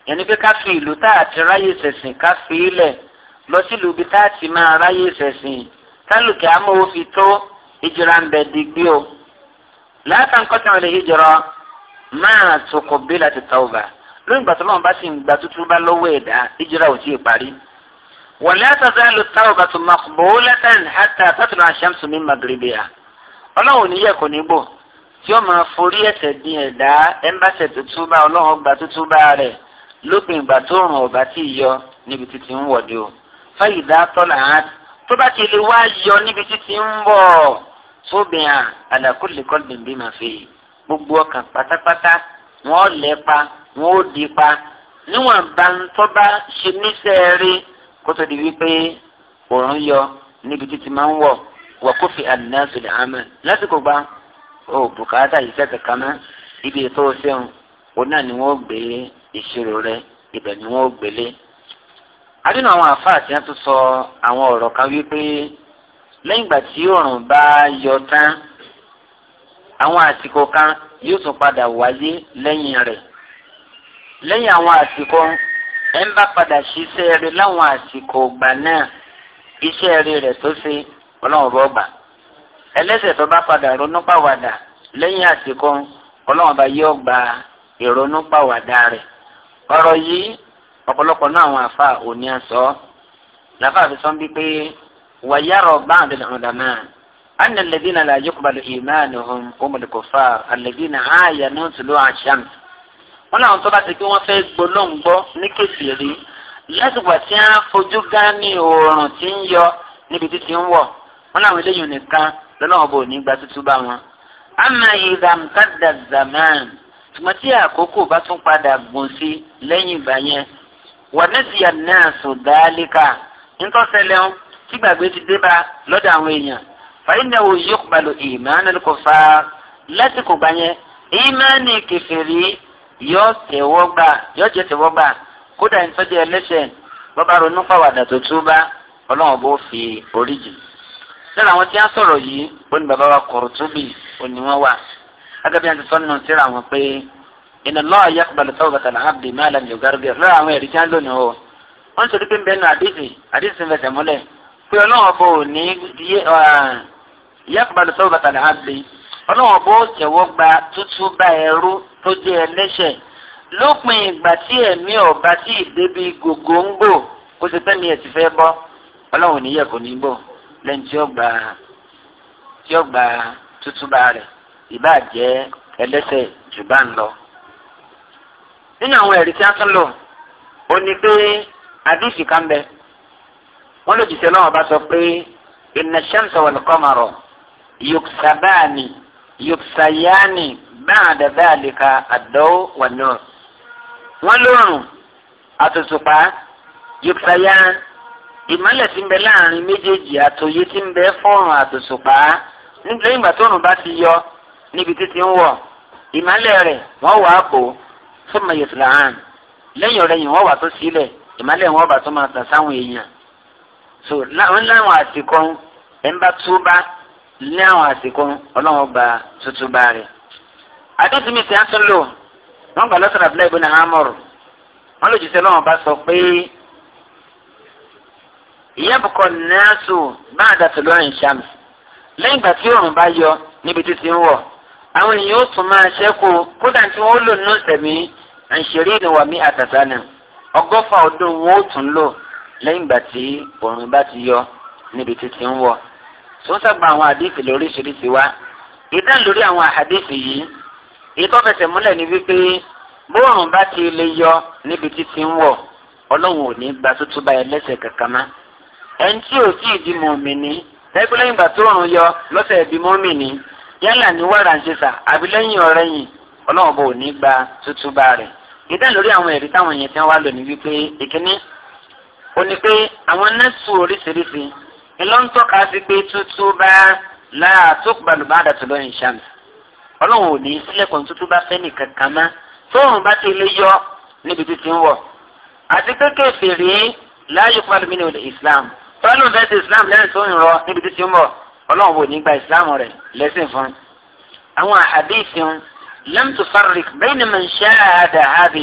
yẹnni pé ká fi ìlú tá a ti ráyè ṣẹ̀sìn ká fi ilẹ̀ lọ sílùú ibi tá a ti máa ráyè ṣẹ̀sìn tálùkì amóhó fi tó hijira ń bẹ digbí o látàǹkọ́tà ọ̀dẹ̀ hijira máa tó kò bí láti tọ́ba lóyún gbàtọ́ náà bá sì ń gbà tútú bá lọ́wọ́ ẹ̀dá hijira ò tí parí wala tazalu tawbatu maqbulatan hatta tatlu ash-shamsu min maghribiha ọlọ́run níyẹ̀ kò ní bò tí ó máa forí ẹ̀ṣẹ̀ di ẹ̀dá ẹ̀ńbàṣẹ̀ tuntun bá ọlọ́run gba tuntun bá rẹ̀ lópin ìgbà tó rùn ọ̀bá tí ì yọ níbi títí ń wọ̀de o fáyì dá tọ́lá á tó bá ti lè wá yọ níbi títí ń bọ̀ tóbi hàn àdàkùnlékọ́ bèbè máa fi gbogbo ọkàn pátápátá wọ́n lẹ́pa wọ́n ó di níwọ̀n bá ń tọ́ bá ṣe níṣẹ́ rí kó tó di wípé òòrùn yọ níbi títí máa ń wọ̀ wọ̀ kó fi àdínà sílẹ̀ àmọ́ lásìkò gba o bùkátà iṣẹ́ kankan mọ́ ibi ètò òṣèlú òun náà ni wọ́n gbé ìṣirò rẹ ibẹ̀ ni wọ́n gbélé. adínà àwọn àfáà tí wọ́n tún sọ àwọn ọ̀rọ̀ kan wípé lẹ́yìn ìgbà tí òòrùn bá yọ tán àwọn àsìkò kan yóò tún padà wáyé lẹ́yìn rẹ̀ lẹ́yìn àwọn àsìkò ẹ ń bá padà ṣiṣẹ́ rẹ láwọn àsìkò ọgbà náà iṣẹ́ rẹ rẹ̀ tó ṣe ọlọ́run bọ́ gbà ẹlẹ́ṣẹ̀ tó bá padà ronúpàwàdà lẹ́yìn àsìkò ọlọ́run bá yóò gba ìrònúpàwàdà rẹ̀ ọ̀rọ̀ yìí ọ̀pọ̀lọpọ̀ náà àwọn àfa òní àsọ làfà fi sọ bíi pé wàyàrọ̀ báńdì ọ̀dàmà ànà lẹ́dínà làyè kúbalù ìmáàlì hùm kó mọ̀lẹ́kọ̀fà àlẹ́dínà àyà náà tùlù àṣàmì wọn làwọn tó bá ti pé wọn fẹ́ gbólóhùn gbọ́ ní kèfèrí lásìkò tí wọn fojú gánni oòrùn tí ń yọ níbi títí ń wọ̀ wọn làwọn eléyìí nìkan lọ́nà ọ̀bọ òní gba tútú bá wọn. ama ìdàmkadà zaman tùmọ̀ tí àkókò bá tún padà gùn sí lẹ́yìn ìgbà yẹn wọ̀nẹ́sìyà náà sùn dáálíkà ńtọ́sẹ̀lẹ̀ ń tígbàgbé ti dé bá lọ́dọ̀ àwọn èèyàn fàyínà wo yóò balò ìmọ̀ ánà lóko lásìkò gbà ìmọ̀ ní kèfèrí yóò tẹ̀wọ́ gbà yóò jẹ́ tẹ̀wọ́ gbà kódà ní sọ́jà ẹlẹ́sẹ̀ bọ́bá ronú pàwàdà tó túbá ọlọ́run bó fi oríjì. lára àwọn tí wọ́n sọ̀rọ̀ yìí ó ní bàbá wa Qurtubi ó ní wọ́n wà gẹ́gẹ́ bí wọ́n ti sọ nínú síra wọn pé inna Allaha yaqbalu tawbata al-abdi ma lam yugargir lára àwọn ẹ̀rí tí wọ́n lónìí o wọ́n ń sọ pé bẹ́ẹ̀ nù àdìsí àdìsí ń fẹsẹ̀ múlẹ̀ pé ọlọ́run bó ní yaqbalu tawbata al-abdi ọlọ́run bó tẹ̀wọ́ gba tútú bá ẹrú tó jẹ́ ẹlẹ́ṣẹ̀ lópin ìgbà tí ẹ̀mí ọba tí ìdébi gògóńgò kó ṣe fẹ́mi ẹ̀ ti fẹ́ bọ́ ọlọ́run níyẹ̀ kò ní bò lẹ́yìn tí ó gba tí ó gba tútúbà rẹ̀ ìbá jẹ́ ẹlẹ́ṣẹ̀ jù bá ń lọ. nínú àwọn ẹ̀rí tí a tún lò ó ní pé àdìsí kan bẹ wọ́n lòdì sí ọlọ́run ọba sọ pé inna shamsa wal qamara yuksabani yòfsayáni báàdà dáàlìkà àdánwò wà náà wọ́n lóòrùn àtùtùpá yòfsayá ìmọ̀lẹ̀ tí ń bẹ láàrin méjèèjì àtòyé tí ń bẹ fọ́ọ̀rùn àtùtùpá nítorí ìgbà tóòrùn bá ti yọ níbi títí ń wọ̀ ìmọ̀lẹ̀ rẹ̀ wọ́n wà á bò fún mayetlahan lẹ́yìn ọ̀rẹ́ yìí wọ́n wà tó sílẹ̀ ìmọ̀lẹ̀ wọn bá tó máa tàn sáwọn èèyàn so láwọn láwọn àsìkò ẹ̀ ń bá túbá ní àwọn àsìkò ọlọ́run ọba tuntun bá rẹ̀. àdótì mi ti á tún lò wọ́n gbà lọ́sọ̀rọ̀ abúlé ìbọn náà ámọ̀rù wọ́n lòdì sí ọlọ́run ọba sọ pé ìyẹ́bùkọ̀ nẹ́ẹ̀sù bá àdàtò lọ́rùn ìṣàmì lẹ́yìn ìgbà tí òòrùn bá yọ níbi títí ń wọ̀ àwọn èèyàn ó tún máa ṣẹ́kù kódà tí wọ́n lò nínú sẹ̀mí àǹṣẹ̀rí ìnìwà mi àtàtà nà ọgọ́fà ọdún wọn ó tún lò lẹ́yìn ìgbà tí òòrùn bá ti yọ níbi títí ń wọ̀ wọ́n sábà àwọn àdéhìí lóríṣiríṣi wá ìdáhùn lórí àwọn àdéhìí yìí èyí tó fẹsẹ̀ ni wípé bóòrùn bá ti lè yọ níbi títí ń wọ̀ ọlọ́run ò ní gba tuntun báyẹn lẹ́sẹ̀ kankan má ẹni tí ò tí ì di mọ̀mìnì lẹ́gbẹ́ lẹ́yìn ìgbà tó rùn yọ lọ́sẹ̀ ìbí mọ́mìnì yálà ní wàrà ń ṣe sà àbí lẹ́yìn ọ̀rẹ́yìn ọlọ́run bò ní gba tuntun bá rẹ̀ ìdáhùn lórí àwọn ẹ̀rí táwọn èèyàn ti wá lò ní wípé ìkíní ó ní pé àwọn nẹ́ẹ̀sì oríṣiríṣi ìlọ́ntọ́ka sí pé tuntun bá láàtúgbàlù bá dàtú lóyún ṣáàmì ọlọ́run ò ní sílẹ̀kùn tuntun bá fẹ́ni kankan mọ́ tóun bá ti lè yọ níbi títí ń wọ̀ àti pé kèfèrí láàyè pàlùmí ní olè islam tọ́lù fẹ́ẹ́ ti islam lẹ́yìn tó ń rọ níbi títí ń wọ̀ ọlọ́run ò ní gba islam rẹ̀ lẹ́sìn fún un. àwọn àhàdíìsì ń lẹ́mtù farrik bẹ́ẹ̀ ni mò ń ṣe àdàhàbì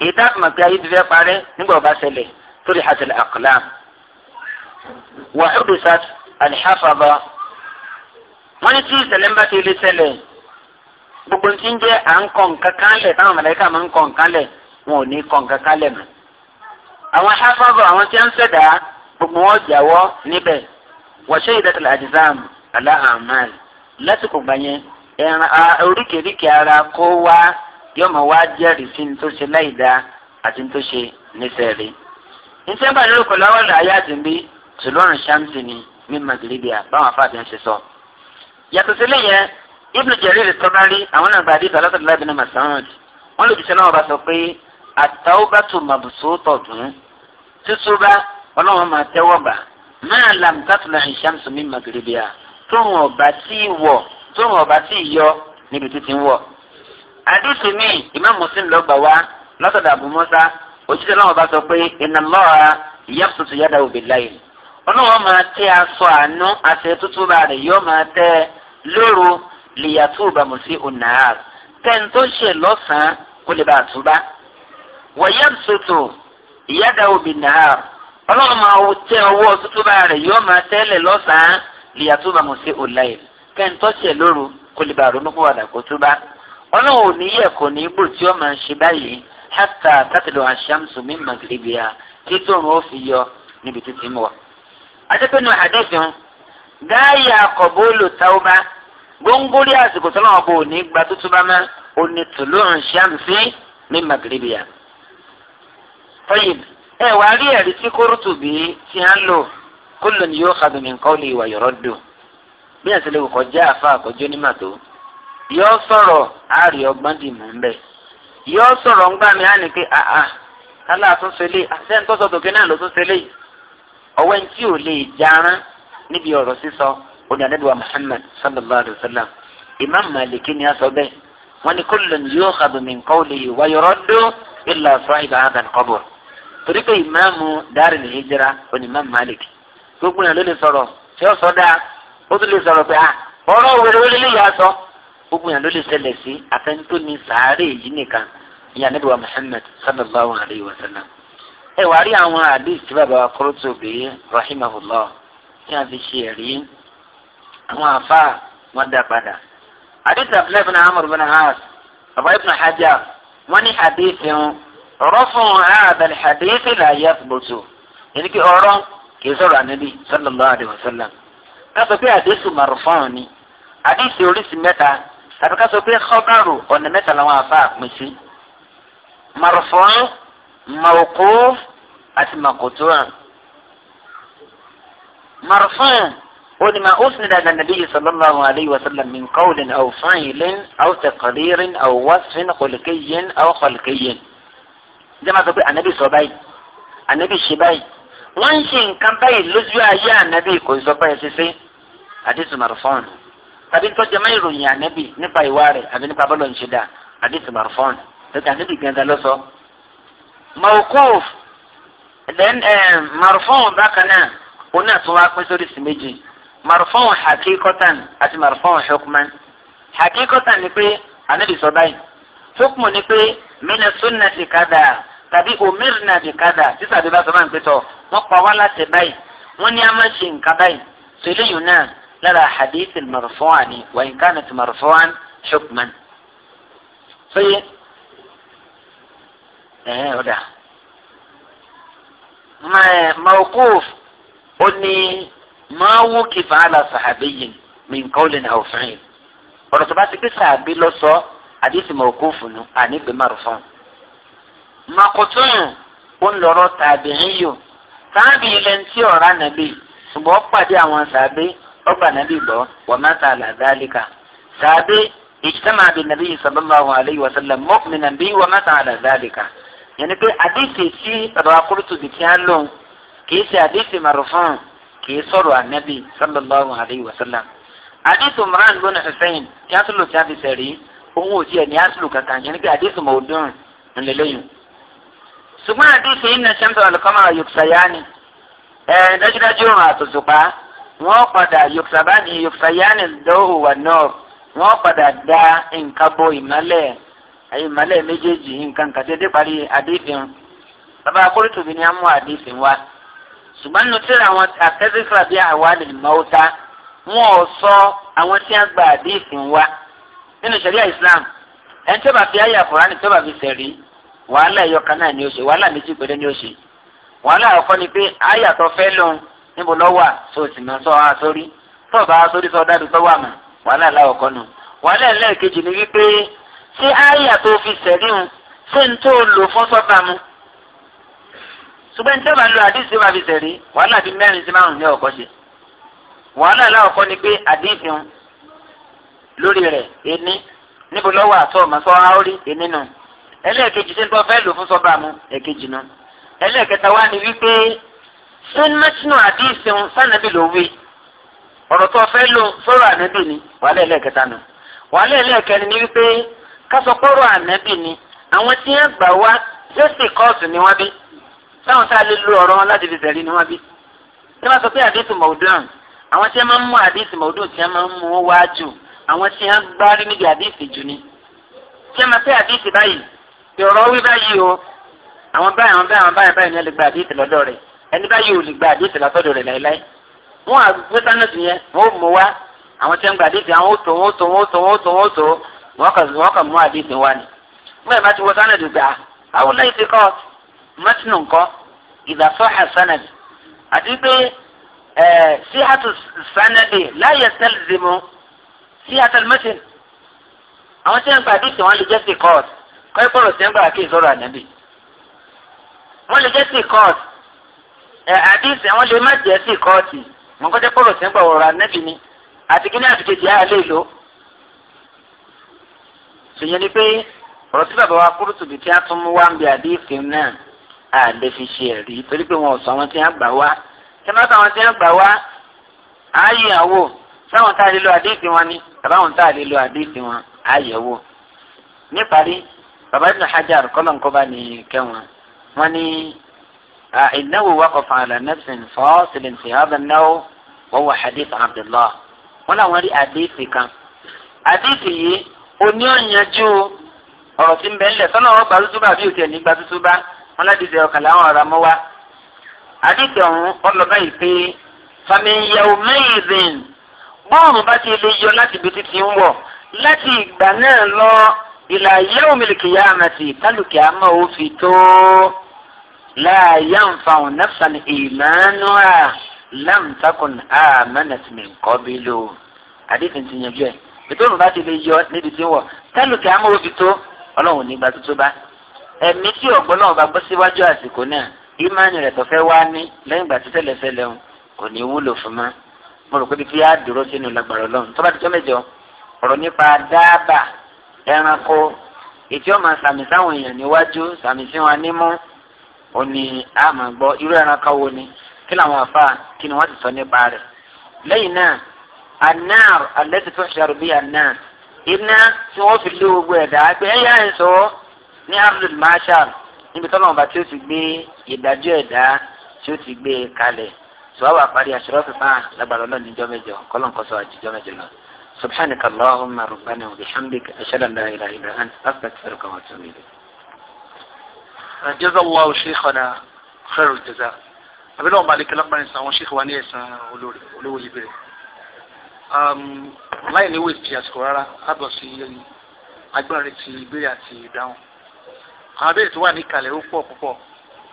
èyí tá a fi mọ̀ pé ayé ti fẹ́ parẹ́ nígbà ọba ṣẹlẹ̀ sórí hasil aqlam wà hudusat alhafaba wọ́n ní tí ìṣẹ̀lẹ̀ ń bá ti lè ṣẹlẹ̀ gbogbo ti ń jẹ́ à ń kọ̀ nǹkan kan lẹ̀ táwọn mọ̀lẹ́kà máa ń kọ̀ nǹkan lẹ̀ wọn ò ní kọ̀ nǹkan kan lẹ̀ àwọn hafaba àwọn tí wọ́n ń gbogbo wọn jàwọ́ níbẹ̀ wọ́n ṣe ìdẹ́tẹ̀lẹ̀ àdìsáàmù aláhàmán lásìkò gbànyẹn oríkèéríkèé ara kó wá yóò mọ wá jẹ́rìí sí ní tó ṣe láì dáa àti ní tó ṣe níṣẹ́ rí. níṣẹ́ bá lórí kọ̀ láwọn ọ̀dà ayé àti bí sùlọ́run ṣáàmùsì ni mí màgìlíbíà báwọn afáàbí ń ṣe sọ. yàtọ̀ sílẹ̀ yẹn ibùdó jẹ̀rí rẹ̀ tọ́ bá rí àwọn náà gbàdí ìtọ́ alásọ̀dọ̀ lábẹ́ náà màsáhùn wọn lè bìṣẹ́ náà bá sọ pé àtàwọ́bàtò màbùsù tọ̀dún títúbà ọlọ́run àdúsù mi imam muslim ló gbà wá lọ́sọ̀dọ̀ abu musa òṣìṣẹ́ náà bá sọ pé iná lọ́ra ìyá tuntun yàda òbí láyé ọlọ́wọ́ máa tẹ́ aṣọ àánú àṣẹ tuntun bá rẹ̀ yóò máa tẹ́ lóru lìyàtú bàmù sí onáà tẹ́ni tó ṣe lọ́sàn-án kó lè bá àtúbá wọ̀nyẹ́ tuntun ìyàda òbí náà ọlọ́wọ́ máa tẹ́ ọwọ́ tuntun bá rẹ̀ yóò máa tẹ́lẹ̀ lọ́sàn-án lìyàtú bàmù sí onáà tẹ́ni tó ṣe lóru kó lè bá àrùn ọlọ́run ò ní yẹ kò ní bò tí ó máa ń ṣe báyìí hátà tátìlọ́ àṣàmùsùn mi màgìlìbìà kí tóun ó fi yọ níbi títí mọ́. adépẹ́nu àdéhùn gáàyà kọ̀bólò táwọ́bá gbóngbórí àsìkò tó náà bò ní gba tuntun bá má ò ní tòló àṣàmùsùn mi màgìlìbìà. tọ́yìn ẹ wàá rí ẹ̀rí tí kórótù bí ti hàn lò kó lónìí yóò xadùnmí nǹkan ó lè wà yọ̀rọ̀ dùn bí àtìlẹ́wò kọjá àfa àkọjọ́ nímàtó yọ sọ̀rọ̀ àárí ọgbọ́n dì mọ́ mbẹ́ yọ sọ̀rọ̀ ńgbà mi á ní pé àà ah, ah, kálá àtúnṣe lé àtẹ́ńtọ́sọ tòkè náà ló túnṣe lé ọwọ́ ẹni tí ò lè jarán níbi ọ̀rọ̀ sísọ onídàádọ́wà Muhammad sallallahu alayhi wa sallam Imam Malik ni a sọ bẹ́ẹ̀ wọ́n ní kullun yukhadhu min qawlihi wa yuraddu illa sahiba hadha al-qabr torí pé ìmáàmù dárí ní hijira oní Imam Malik gbogbo yẹn ló lè sọ̀rọ̀ tí ó sọ dáa ó tún lè sọ̀rọ̀ pé ah ọ̀rọ̀ wẹ̀rẹ̀ wẹ̀rẹ̀ lè yà sọ gbogbo yẹn ló lè ṣẹlẹ̀ sí àfẹnutó ní sàárè yìí nìkan ìyá níbi wa Muhammad sallallahu alayhi wa sallam. ẹ wàá rí àwọn àdìs tí bàbá wa Qurtubi rahimahullah tí a fi ṣe ẹ̀rí àwọn àfa wọn dá padà. àdìs Abdullah ibn Amr ibn As bàbá ibn Hajar wọn ní àdìs yẹn rọ́fún àbẹ̀l àdìs là yathbutu yẹn kí ọ̀rọ̀ kì í sọ̀rọ̀ ànábì sallallahu alayhi wa sallam. ká sọ pé àdìs marfu'an ni àdìs oríṣi mẹ́ta tàbí ká sọ pé kọ́bárù ọ̀nà mẹ́ta làwọn afa àpín sí marufọ́ màòkó àti màkòtò à. marufọ́ wọn ma ó sinmi dáadáa nàbí yìí sallallahu alayhi wa sallam min qawlin aw fa'ilin aw taqririn aw wasfin khulqiyyin aw khulqiyyin. jẹ́mà sọ pé ànábì sọ báyìí ànábì ṣe báyìí wọ́n ń ṣe nǹkan báyìí lójú ayé ànábì kò sọ báyìí ṣe ṣe àdìsùn marufọ́ nù tàbí tọ́jà máa ìròyìn ànẹ́bì nípa ìwà rẹ̀ àbí nípa bọ́lọ̀ ń ṣe dáa àdìsí marfọ́n lókè ànẹ́bì gẹ́gẹ́ ló sọ. mawquf then eh, marfọ́n bákan náà òun náà tún wá pín sórí sí méjì marfọ́n hakikotan àti marfọ́n hukman hakikotan ni pé ànẹ́bì sọ báyìí hukmu ni pé mina sunnati kada tàbí omirna bi kada sísàbí bá sọ máa ń pẹ́tọ̀ wọ́n pa wá láti báyìí wọ́n ní a máa ṣe nǹkan báyìí sọ lára hadith marfu'an ni wa in kanat marfu'an hukman. sọyẹ ẹ ọ̀dà mawquf ó ní máa wú kìfà ala sahabiyyin min qawlin aw fi'l ọ̀rọ̀ tó bá ti pé sàbí lọ sọ hadith mawquf nù ànígbè marfu'an. makutun ó ń lọ́rọ̀ tàbí yíyò tàbí ilẹ̀ ń tí ọ̀rá nàbí ṣùgbọ́n pàdé àwọn sàbí ọkọ anabi gbọ wọn máa ta àlàdálíkà tàbí ìjìtàmà àbí nàbí sallallahu alayhi wa sallam mu'minan bí wọn máa ta àlàdálíkà yẹnni pé àdéhìí sí ọ̀rọ̀ akórótò bìtì á lò kìí ṣe àdéhìí marufun kìí sọ̀rọ̀ anabi sallallahu alayhi wa sallam àdéhìí Imran bin Husayn kí asúlù tí a fi sẹ̀rí òun ò tiẹ̀ ní asúlù kankan yẹnni pé àdéhìí mọ̀ọ́dún ńlẹ́lẹ́yìn ṣùgbọ́n àdéhìí iná ṣẹ́ńtọ̀ àlùkọ́mọ́ àyùkṣayáni ẹ̀ dájúdájú òun àtòṣùpá wọ́n padà yòkùsàbá ní yòkùsàyánì dọ́wọ́ wà náà wọ́n padà da nǹkan bo ìmọ́lẹ̀ àyè ìmọ́lẹ̀ méjèèjì nǹkan kan tètè parí àdéhùn bàbá akólótò bí ní á mú àdéhùn wa ṣùgbọ́n nínú tíra àwọn akẹ́sífà bíi àwa lè mọ ó ta wọn ò sọ àwọn tí wọ́n gba àdéhùn wa nínú ṣẹ̀ríà Islam ẹni tó bá fi ayé àfọ̀rán tó bá fi sẹ̀rí wàhálà ẹ̀yọkan náà ni ó ṣe wàhálà méjì péré ni ó ṣe wàhálà àkọ́kọ́ ni pé ayé àtọ́fẹ́ lóhun níbo lọ wà tó sì máa sọ wá sórí tó o bá wá sórí sọ dáadọ́ tó wà mà wàhálà láwọ̀ kọ́ nù. wàhálà ẹlẹ́ẹ̀kejì ni wípé ṣé àyà tó fi sẹ̀ríhun ṣé n tó lò fún sọ́ba mu. ṣùgbọ́n tí o bá lo àdìsí wa fi sẹ̀rí wàhálà bíi mẹ́rin sí márùn-ún ní ọ̀kọ́ ṣe. wàhálà láwọ̀ kọ́ ni pé àdìsí hun lórí rẹ̀ ẹni níbo lọ wà tó o máa sọ wá sórí nù. ẹlẹ́ẹ̀kejì ṣé n tó fẹ́ lò fún sọ́ba mu ẹ̀kejì nù. ẹlẹ́ẹ̀kẹta wá ni wípé ṣé mẹtinu àdìsí ń sànàbí ló wí ọ̀rọ̀ tó fẹ́ lò sọ̀rọ̀ ànábì ni wàhálẹ̀ ẹlẹ́ẹ̀kẹta nù wàhálẹ̀ ẹlẹ́ẹ̀kẹrin ni wípé kásọpọ̀rọ̀ ànábì ni àwọn tí wọ́n gbà wá jésì kóòtù ni wọ́n bí táwọn tá a lè lo ọ̀rọ̀ wọn láti fi tẹ̀lé ni wọ́n bí tí wọ́n sọ pé àdìsí mọ̀ọ́dún àwọn tí wọ́n mú àdìsí mọ̀ọ́dún tí wọ́n máa ń wá jù àwọn tí ni tí wọ́n máa pé àdìsí báyìí ìrọ̀ wí báyìí o àwọn báyìí àwọn ni wọ́n lè gba àdìsí ẹni báyìí ò lè gba àdéhùn látọ̀dọ̀ rẹ̀ láéláé wọn à gbé sánàtì yẹn wọn ò mú wa àwọn tí wọn gba àdéhùn àwọn ò tó wọn ò tó wọn ò tó wọn ò tó wọn ò tó wọn kàn wọn kàn mú àdéhùn wa ni wọn ìbá ti wọ sánàtì gbà àwọn lẹ́yìn ti kọ́ mẹ́tìnù nǹkan ìdásọ́ àsánàtì àti pé ẹ̀ síhàtù sánàtì láyé sẹ́lẹ̀dìmù síhàtù mẹ́tìnù àwọn tí wọn gba àdéhùn wọn lè jẹ́ sí kọ́ọ̀t kọ́ ẹ àdìsí àwọn lè má jẹ́ sí kóòtù mọ̀ kọ́jọ́ pọ̀rọ̀ sí ń gbà wọ̀rọ̀ ànẹ́bí ni àti kíní àti kejì á lè lò. ṣèyẹn ni pé ọ̀rọ̀ tí bàbá wa Qurtubi tí a tún mú wá ń bi àdìsí náà á lè fi ṣe ẹ̀rí torí pé wọn ò sọ àwọn tí wọ́n gbà wá kí wọ́n sọ àwọn tí wọ́n gbà wá ààyè àwò sáwọn tá a lè lo àdìsí wọn ni àbáwọn tá a lè lo àdìsí wọn ààyè wò níparí bàbá Ibn Hajar kọ́lọ̀ ń kọ́ bá ìnáwó wákọ̀fà àlànẹ́sìn fọ́ọ̀sìlì fi hàbẹ̀ náà wọ́n wà hadith abdullah wọ́n làwọn rí àdéhìí kan àdéhìí yìí oní ọ̀yanjú ọ̀rọ̀ tí ń bẹ́ẹ̀ lẹ̀ sọ́nà ọ̀gbà tútúbà bí òkè nígbà tútúbà wọn láti ṣe ọ̀kàlà àwọn ọ̀rọ̀ amọ́wá àdéhìí ọ̀hún ọlọ́ba yìí pé fàmìyàwó mẹ́yìnzìn bọ́ọ̀mù bá ti lè yọ láti ibi títí ń wọ̀ láti ìgbà náà lọ ìlà yẹ́wò mílíkì yá àmàtì tálùkì àmọ́ òfin tó. لا ينفع نفسا إيمانها لم تكن آمنت من قبل حديث ti yanjú ẹ̀ ètò òrùn bá ti lè yọ níbi tí ń wọ̀ tẹ́lùkì amúrò fi tó ọlọ́run nígbà tó tó bá ẹ̀mí tí ọ̀gbọ́n náà bá gbọ́ síwájú àsìkò náà ìmánì rẹ̀ tó fẹ́ wá ní lẹ́yìn ìgbà tí tẹ́lẹ̀fẹ́lẹ́ ń kò ní wúlò fún ma mo rò pé bí a dúró sínú lágbára ọlọ́run tó ti jọ́ mẹ́jọ ọ̀rọ̀ nípa dáàbà ẹranko ètí ọ̀ sàmì sáwọn èèyàn níwájú sàmì sí wọn nímú ó ní àmọ́ gbọ́ irú ẹran káwo ni kí làwọn afa kí ni wọ́n ti sọ nípa rẹ̀ lẹ́yìn náà anar alẹ́sì tó ń ṣàrò bí anar iná tí wọ́n fi lé gbogbo ẹ̀dá pé ẹ̀yà ń sọ ní ardul marshal níbi tọ́lọ̀ ọba tí ó ti gbé ìdájọ́ ẹ̀dá tí ó ti gbé e kalẹ̀ sọ́wọ́ àparí àṣírọ́ fífa lágbàdo náà níjọ́ mẹ́jọ kọ́lọ́n kọ́sọ́ àjíjọ́ mẹ́jọ lọ. subhanaka allahumma rabbana wa bihamdika ashhadu an la ilaha illa anta astaghfiruka wa atubu ilayk jazallahu sheikhana khairul jaza àbẹ̀lẹ̀ ọba àlekẹ́ lápárin sàn àwọn sheikh wa ní ẹ̀sán olówó yìí bẹ̀rẹ̀ um, láì ní wíìsì àsìkò rárá lábọ̀ sí agbára ti ìbéèrè àti ìdáhùn àwọn abẹ́rẹ́ tó wà ní ìkàlẹ̀ ó pọ̀ púpọ̀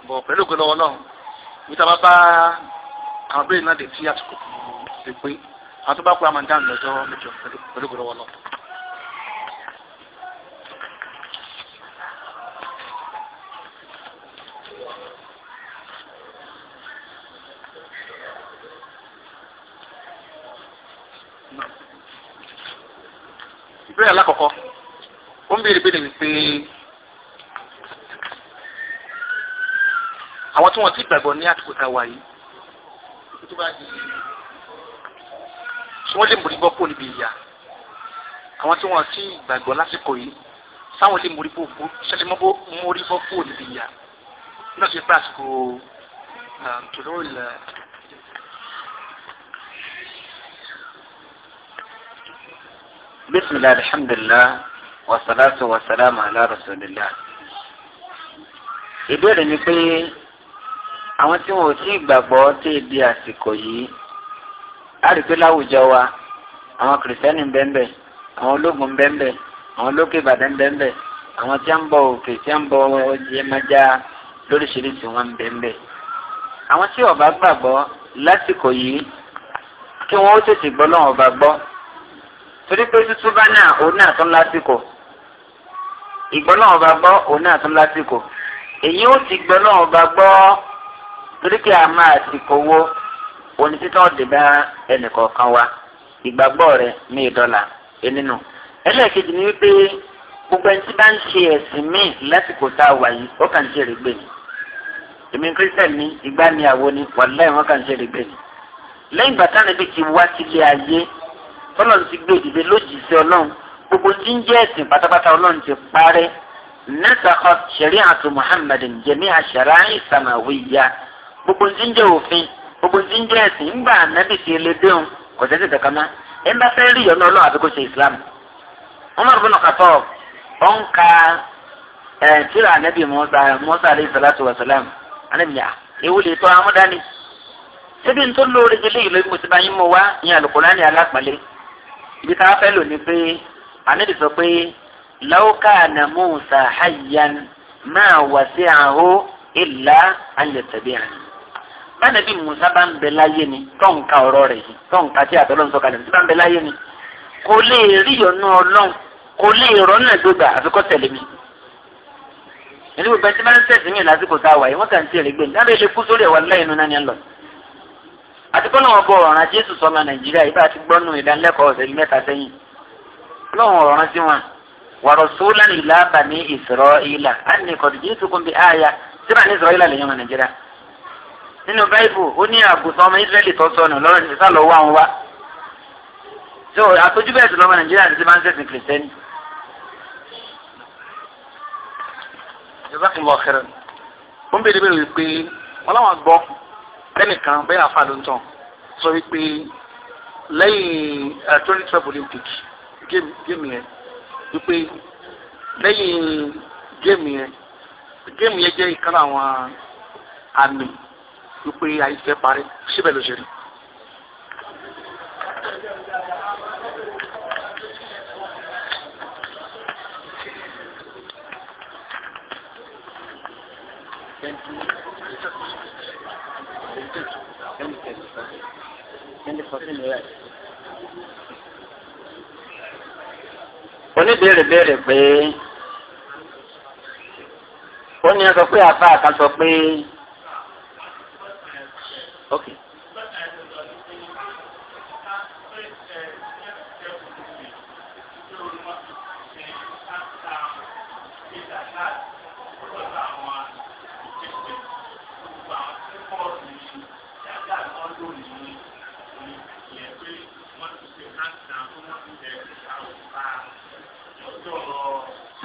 bọ̀ pẹ̀lú ògbẹ́ lọ́wọ́ náà níta bá bá àwọn abẹ́rẹ́ náà dé tí àsìkò pé àwọn tó bá kó àmàdáhùn lọ́jọ́ mẹ́jọ pẹ̀lú ògbẹ́ lọ́wọ́ náà. prayer lákọ̀ọ́kọ́ ó ń béèrè béèrè wípé àwọn tí wọ́n ti gbàgbọ́ ní àtúkò tá a wà yìí tí wọ́n lè mórí bọ́ kó níbi ìyá àwọn tí wọ́n ti gbàgbọ́ lásìkò yìí sáwọn lè mórí bọ́ kó ṣẹlẹ̀ mọ́ bó mórí bọ́ kó níbi ìyá náà ṣe pé àsìkò ah, tòlóòlù. bisimilahi alhamdulilah wasalaatu wasalaamu ala rasulillah. ìbéèrè ni pé àwọn tí wọn ò tí ì gbàgbọ́ tí ì di àsìkò yìí á rí i pé láwùjọ wa àwọn kìrìsìtẹ́nì ń bẹ́ńbẹ́ àwọn ológun ń bẹ́ńbẹ́ àwọn olókè ìbàdàn ń bẹ́ńbẹ́ àwọn tí ń bọ òkè tí ń bọ ọjẹmájá lóríṣiríṣi wọn ń bẹ́ńbẹ́. àwọn tí ọba gbàgbọ́ lásìkò yìí kí wọ́n ó tètè gbọ́ lọ́wọ́ ọba gbọ́ torí pé tútú bá náà òun náà tún lásìkò ìgbọ́ náà bá gbọ́ òun náà tún lásìkò èyí ó ti gbọ́ náà bá gbọ́ torí pé a máa sìkò wo òun títàn dìbà ẹnìkọ̀ọ̀kan wa ìgbàgbọ́ rẹ̀ ní ìdọ́là ẹnìnú ẹlẹ́ẹ̀kejì ni wípé gbogbo ẹni tí bá ń ṣe ẹ̀sìn míì lásìkò tá a wà yìí ó kàn ń ṣe rèégbè ni èmi kírísítẹ̀n ní ìgbà ni àwo ni wàlúwàá wọn kàn ń ṣe rèégbè ni lẹ́yìn bàtà níbi ti wá sílé ayé ọlọ́run ti gbé ìdìbò lójijì ọlọ́run gbogbo tí ń jẹ́ ẹ̀sìn pátápátá ọlọ́run ti parẹ́ nẹ́sàkọ́ ṣẹ̀ríàtù muhammad jẹ̀mí àṣàrà ìsàmàwíyá gbogbo tí ń jẹ́ òfin gbogbo tí ń jẹ́ ẹ̀sìn ńgbà nábì sí ilé déhùn kò sẹ́sẹ̀ kankan mọ́ bá fẹ́ rí ìyọ̀nù ọlọ́run àti ṣe islam umar bin khattab ó ń ka tíra anabi musa musa alayhi salatu wa salam anabi ibi tá a fẹ́ lò ní pé àníbi sọ pé láwùká na musa hayyan máa wà sí àhó ìlà àyẹ̀tẹ̀bí àná. bánàbí musa bá ń bẹ láyé ni tọ́ǹkà ọ̀rọ̀ rẹ̀ yìí tọ́ǹkà tí àtọ́lọ́ ń sọ kalẹ̀ musa bá ń bẹ láyé ni kò lè rí ọ̀nà ọlọ́run kò lè rọ́nà gbégbà àfikọ́ tẹ̀lé mi. ìlú gbẹ̀ntì máa ń tẹ̀sí mi lásìkò tá a wà yìí wọ́n kà ń tiẹ̀ lé gbẹ̀ntì àti kọ́ náà bọ̀ ọ̀ràn jésù sọmọ nàìjíríà yìí bá ti gbọ́ nù ìdánilẹ́kọ̀ọ́ ọ̀sẹ̀ mẹ́ta sẹ́yìn lọ́wọ́n ọ̀ràn sí wọn wàrọ̀ sólà ìlà bani ìsọ̀rọ̀ìlà á ní kọ̀dù jésù kún bí àyà síbà ní ìsọ̀rọ̀ìlà lè yan ọmọ nàìjíríà nínú báìbù ó ní àgùntàn ọmọ ìsírẹ́lì tó sọnù lọ́rọ̀ so àtọ́jú bẹ́ẹ̀ tó lọ́mọ nàìjíríà ti máa ń ṣẹ̀sìn kìrìsìtẹ́nì. ìbákan lọ kẹrẹ ó ń bèrè láwọn gbọ́ tẹnìkan bẹ́ẹ̀ àfa ló ń tàn sọ wípé lẹ́yìn eh, twenty twelve olympic géèmù yẹn wípé lẹ́yìn géèmù yẹn géèmù yẹn jẹ́ ìkan àwọn àmì wípé àyíṣẹ́ parí síbẹ̀ ló ṣe rí. Thank you. kíní sọ sínú rẹ̀. oníbèrè béèrè pé ó ní ẹ sọ pé àfa àkàtọ pé. Okay.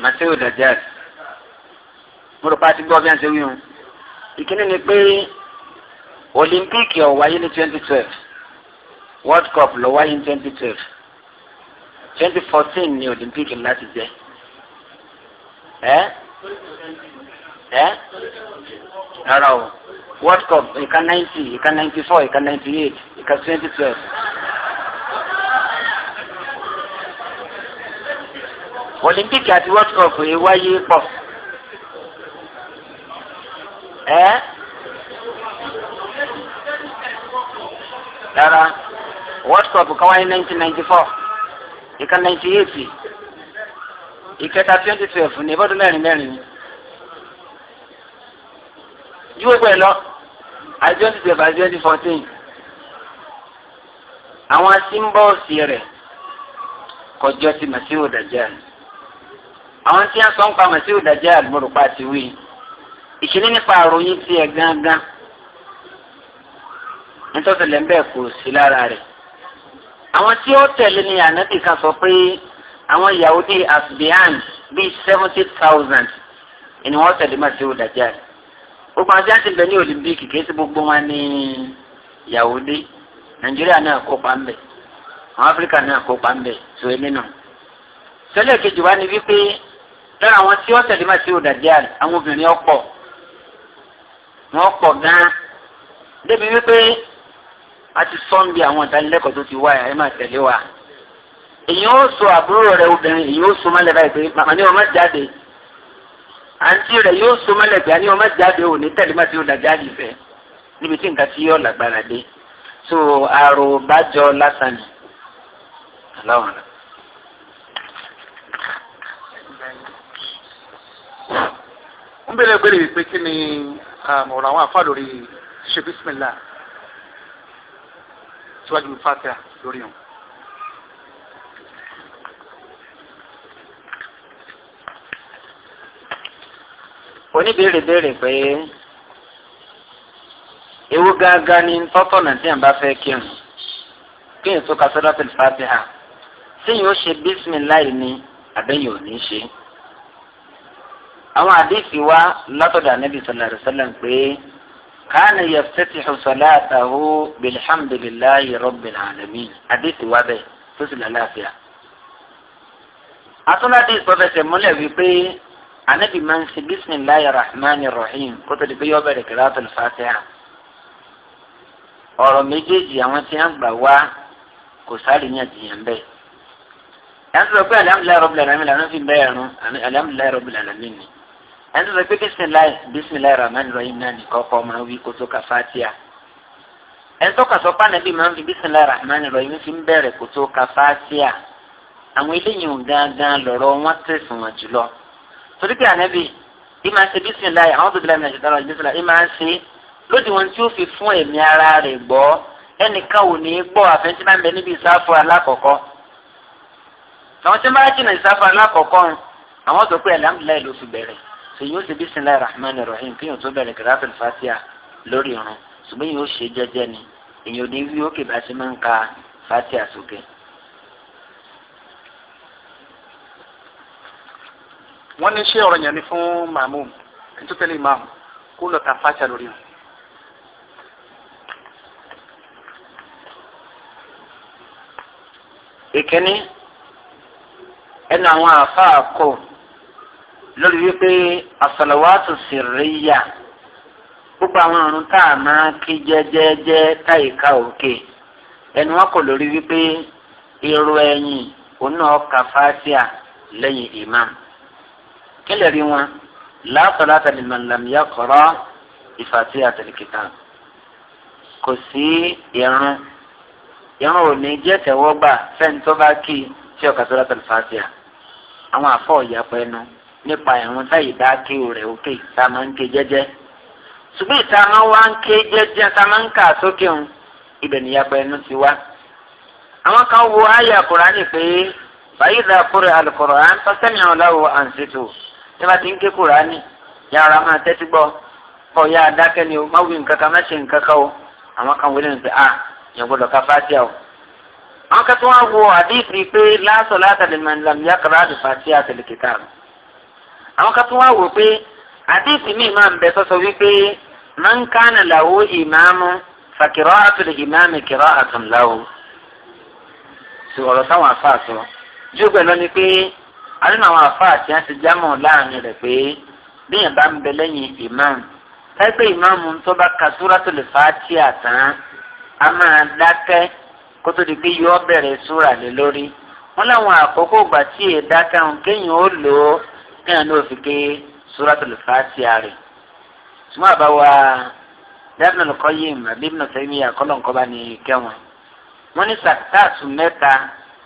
masiwu dajjal mo rò pa ti gbọ́ bí wọ́n ṣe wí hun ìkíní ni pé olimpíìkì ó wáyé ní twenty twelve world cup ló wáyé ní twenty twelve twenty fourteen ni olimpíìkì láti jẹ ẹ ẹ rárá o world cup ìka ninety ìka ninety four ìka ninety eight ìka twenty twelve. olympic àti world cup yìí wáyé pọ̀ ẹ́ rárá world cup kan wáyé nineteen ninety four ìkan ninety eight ìkẹta twenty twelve ní ìbọdún mẹ́rin mẹ́rin yíwé pẹ̀ lọ àti twenty twelve àti twenty fourteen àwọn símbọ́ọ̀sì rẹ̀ kọjọ́ sí màsíwò dàjà àwọn tí wọ́n sọ ń pa Masihu Dajjal àgbọ̀rùpá ti wí ìṣẹ̀lẹ̀ nípa àròyìn tiẹ̀ gángan nítòsílẹ̀ ń bẹ̀ kò sí lára rẹ̀ àwọn tí ó tẹ̀lé ni ànábì kan sọ pé àwọn Yahudi asbihan bíi seventy thousand ni wọ́n tẹ̀lé Masihu Dajjal gbogbo àwọn tí wọ́n ti bẹ̀ ní Olympic kìí sí gbogbo wọn ní Yahudi Nàìjíríà náà kópa ń bẹ̀ àwọn Áfíríkà náà kópa ń bẹ̀ tó ẹni náà sọlẹ̀ kejì wá ni wípé lára àwọn tí wọ́n tẹ̀lé máa ṣe òdàdé àlè àwọn obìnrin ọ̀pọ̀ wọ́n pọ̀ gan-an débi wípé a ti sọ́n bí àwọn ìdánilẹ́kọ̀ọ́ tó ti wá ẹ̀ máa tẹ̀lé wa èyí ó so àbúrò rẹ̀ obìnrin èyí ó so mọ́lẹ̀ báyìí pé màmá ni wọ́n má jáde àǹtí rẹ̀ yóò so mọ́lẹ̀ pé àní wọ́n má jáde ò ní tẹ̀lé máa ṣe òdàdé àlè fẹ́ níbi tí nǹkan ti yọ̀ lágbára dé so àròbájọ lásán ni aláwọ̀ náà. ń bẹ̀rẹ̀ bẹ̀rẹ̀ wípé kí ni ọ̀rọ̀ àwọn àfa lórí ṣe bísímìlá síwájú mi fàtẹ́ lórí wọn. oníbèrè béèrè pé ewu gángan ni tọ́tọ̀nà tí yẹn bá fẹ́ kírun kí yẹn tó ka sọ́dọ̀ tẹ̀lifásíà tí yẹn ó ṣe bísímìlá yìí ni àbẹ́yẹn ò ní ṣe àwọn àdéhìí wa látọ̀dọ̀ ànábì sallallahu alaihi wasallam pé káàní yẹfẹ́tì ṣọlá àtàwọ̀ bilhamdulilayi rabbil alamin àdéhìí wa bẹ́ẹ̀ tó sì lálàáfíà. atúndàdé ìsọfẹsẹ̀ múlẹ̀ wípé ànábì máa ń ṣe bisimilayi rahmanir rahim kótó di pé yọ bẹ̀rẹ̀ kìláàtúl fatiha ọ̀rọ̀ méjèèjì àwọn tí wọ́n gbà wá kò sáré ní àtìyàn bẹ́ẹ̀. yàtọ̀ pé alhamdulilayi rabbil alamin làwọn fi bẹ́ẹ̀ rún alhamdulilayi rabbil alamin ni ẹni tó sọ pé bisimilayi bisimilayi rahman rahim náà nìkan kọ́ máa wí kótó ka fatia ẹni tó kà sọ pàánà bíi máa ń fi bisimilayi rahman rahim fi ń bẹ̀rẹ̀ kótó ka fatia àwọn eléyìí ò gángan lọ́rọ̀ wọn tẹ̀sán wọn jùlọ torí pé ànábì ìmọ̀ ṣe bisimilayi àwọn tó dilẹ̀ nàìjíríà lọ́wọ́ bisimilayi ìmọ̀ ṣe lóde wọn tí ó fi fún ẹ̀mí ara rẹ̀ gbọ́ ẹnìkan ò ní gbọ́ àfẹ́ntí máa bẹ sèyí ó ṣe bisimilayi rahman rahim kí yóò tó bẹ̀rẹ̀ kìláàtì fatia lórí irun ṣùgbọ́n yóò ṣe jẹ́jẹ́ ni èyí ò ní wí ó kébà sí máa ń ka fatia sókè. wọ́n ní ṣé ọ̀rọ̀ yẹn ni fún màmú ẹni tó kó lọ ka fatia lórí irun. ìkíní ẹnu àwọn àfa àkọ́ lórí wípé àsàlàwátù sirriya gbogbo àwọn ọ̀run tá a máa kí jẹ́jẹ́jẹ́ táyìíká òkè ẹnu wọn kò lórí wípé irú ẹ̀yìn oná ọkà fásíà lẹ́yìn imam kílẹ̀ rí wọn la salata liman lam yaqra bi fatihatil kitab kò sí irun irun ò ní jẹ́ tẹ̀wọ́gbà fẹ́ni tó bá kí tí ọkà salatul fatiha àwọn àfọ̀ ìyàpọ̀ ẹnu nípa ìrún táyì dá kéwò rẹ̀ òkè tá a máa ń ké jẹ́jẹ́ ṣùgbọ́n ìta máa wá ń ké jẹ́jẹ́ tá a máa ń kà sókè ń ibẹ̀ níyàpẹ́ ẹnu ti wá. àwọn kan wo àyà kùránì pé báyìí dà kúrò àlùkòrò à ń tọ́sẹ́mi àwọn ọ̀la à ń ṣètò tí ti ń ké kùránì yàrá máa tẹ́tí gbọ́ kọ́ ya adákẹ́ ni o má wí nǹkan kan má ṣe nǹkan kan o àwọn kan wọlé ní pé ah, àwọn kan tó wo àdéhìí pé la salata liman lam yaqra bi fatihatil kitab àwọn kan tún wá wò pé àdéhùn mi máa ń bẹ sọ́sọ́ wípé man kana lahu ìmáàmù fàkìrọ́ àtúndì ìmáàmù kìrọ́ àtúndàwò sí ọ̀rọ̀ táwọn afáà sọ jù pẹ̀lú ni pé àdéhùn àwọn afáà tí wọ́n ti jámọ̀ láàrin rẹ̀ pé bíyàn bá ń bẹ lẹ́yìn ìmáàmù pẹ́pẹ́ ìmáàmù tó bá ka súrátùl fàtíà tán a máa dákẹ́ kó tó di pé yọ bẹ̀rẹ̀ súrà lé lórí wọ́n láwọn àkókò gbà tí èèdákẹ́ òun náà ní òfin ké suratul Fatiha rẹ̀ sùmọ́ àbáwá dábìnà lọ́kọ́ yìí mà bíbí náà sẹ́yìn yà kọ́lọ̀ nǹkan bá ní kẹ́wọ̀n wọ́n ní sàtáàsù mẹ́ta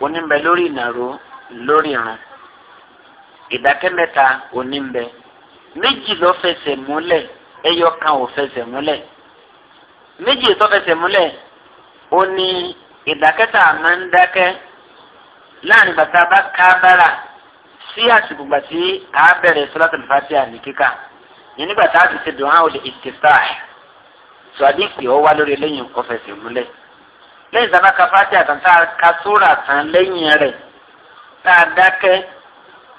onímbẹ lórí ìnàró lórí ìrun ìdákẹ́ mẹ́ta onímbẹ méjì ló fẹsẹ̀ múlẹ̀ ẹyọ kan ò fẹsẹ̀ múlẹ̀ méjì tó fẹsẹ̀ múlẹ̀ ó ní ìdákẹ́ta máa ń dákẹ́ láàrin bàtà bá kábàrà sí àsìkògbà tí a bẹ̀rẹ̀ sọ́látà fàtíà ní kíkà ní nígbà tá a ti ṣe dùn áwòlè ìtìsá tó a ní pè ọ́ wá lórí lẹ́yìn ọ̀fẹ́ sì múlẹ̀ lẹ́yìn sábà ka fàtíà tán tán lẹ́yìn rẹ̀ tá a dákẹ́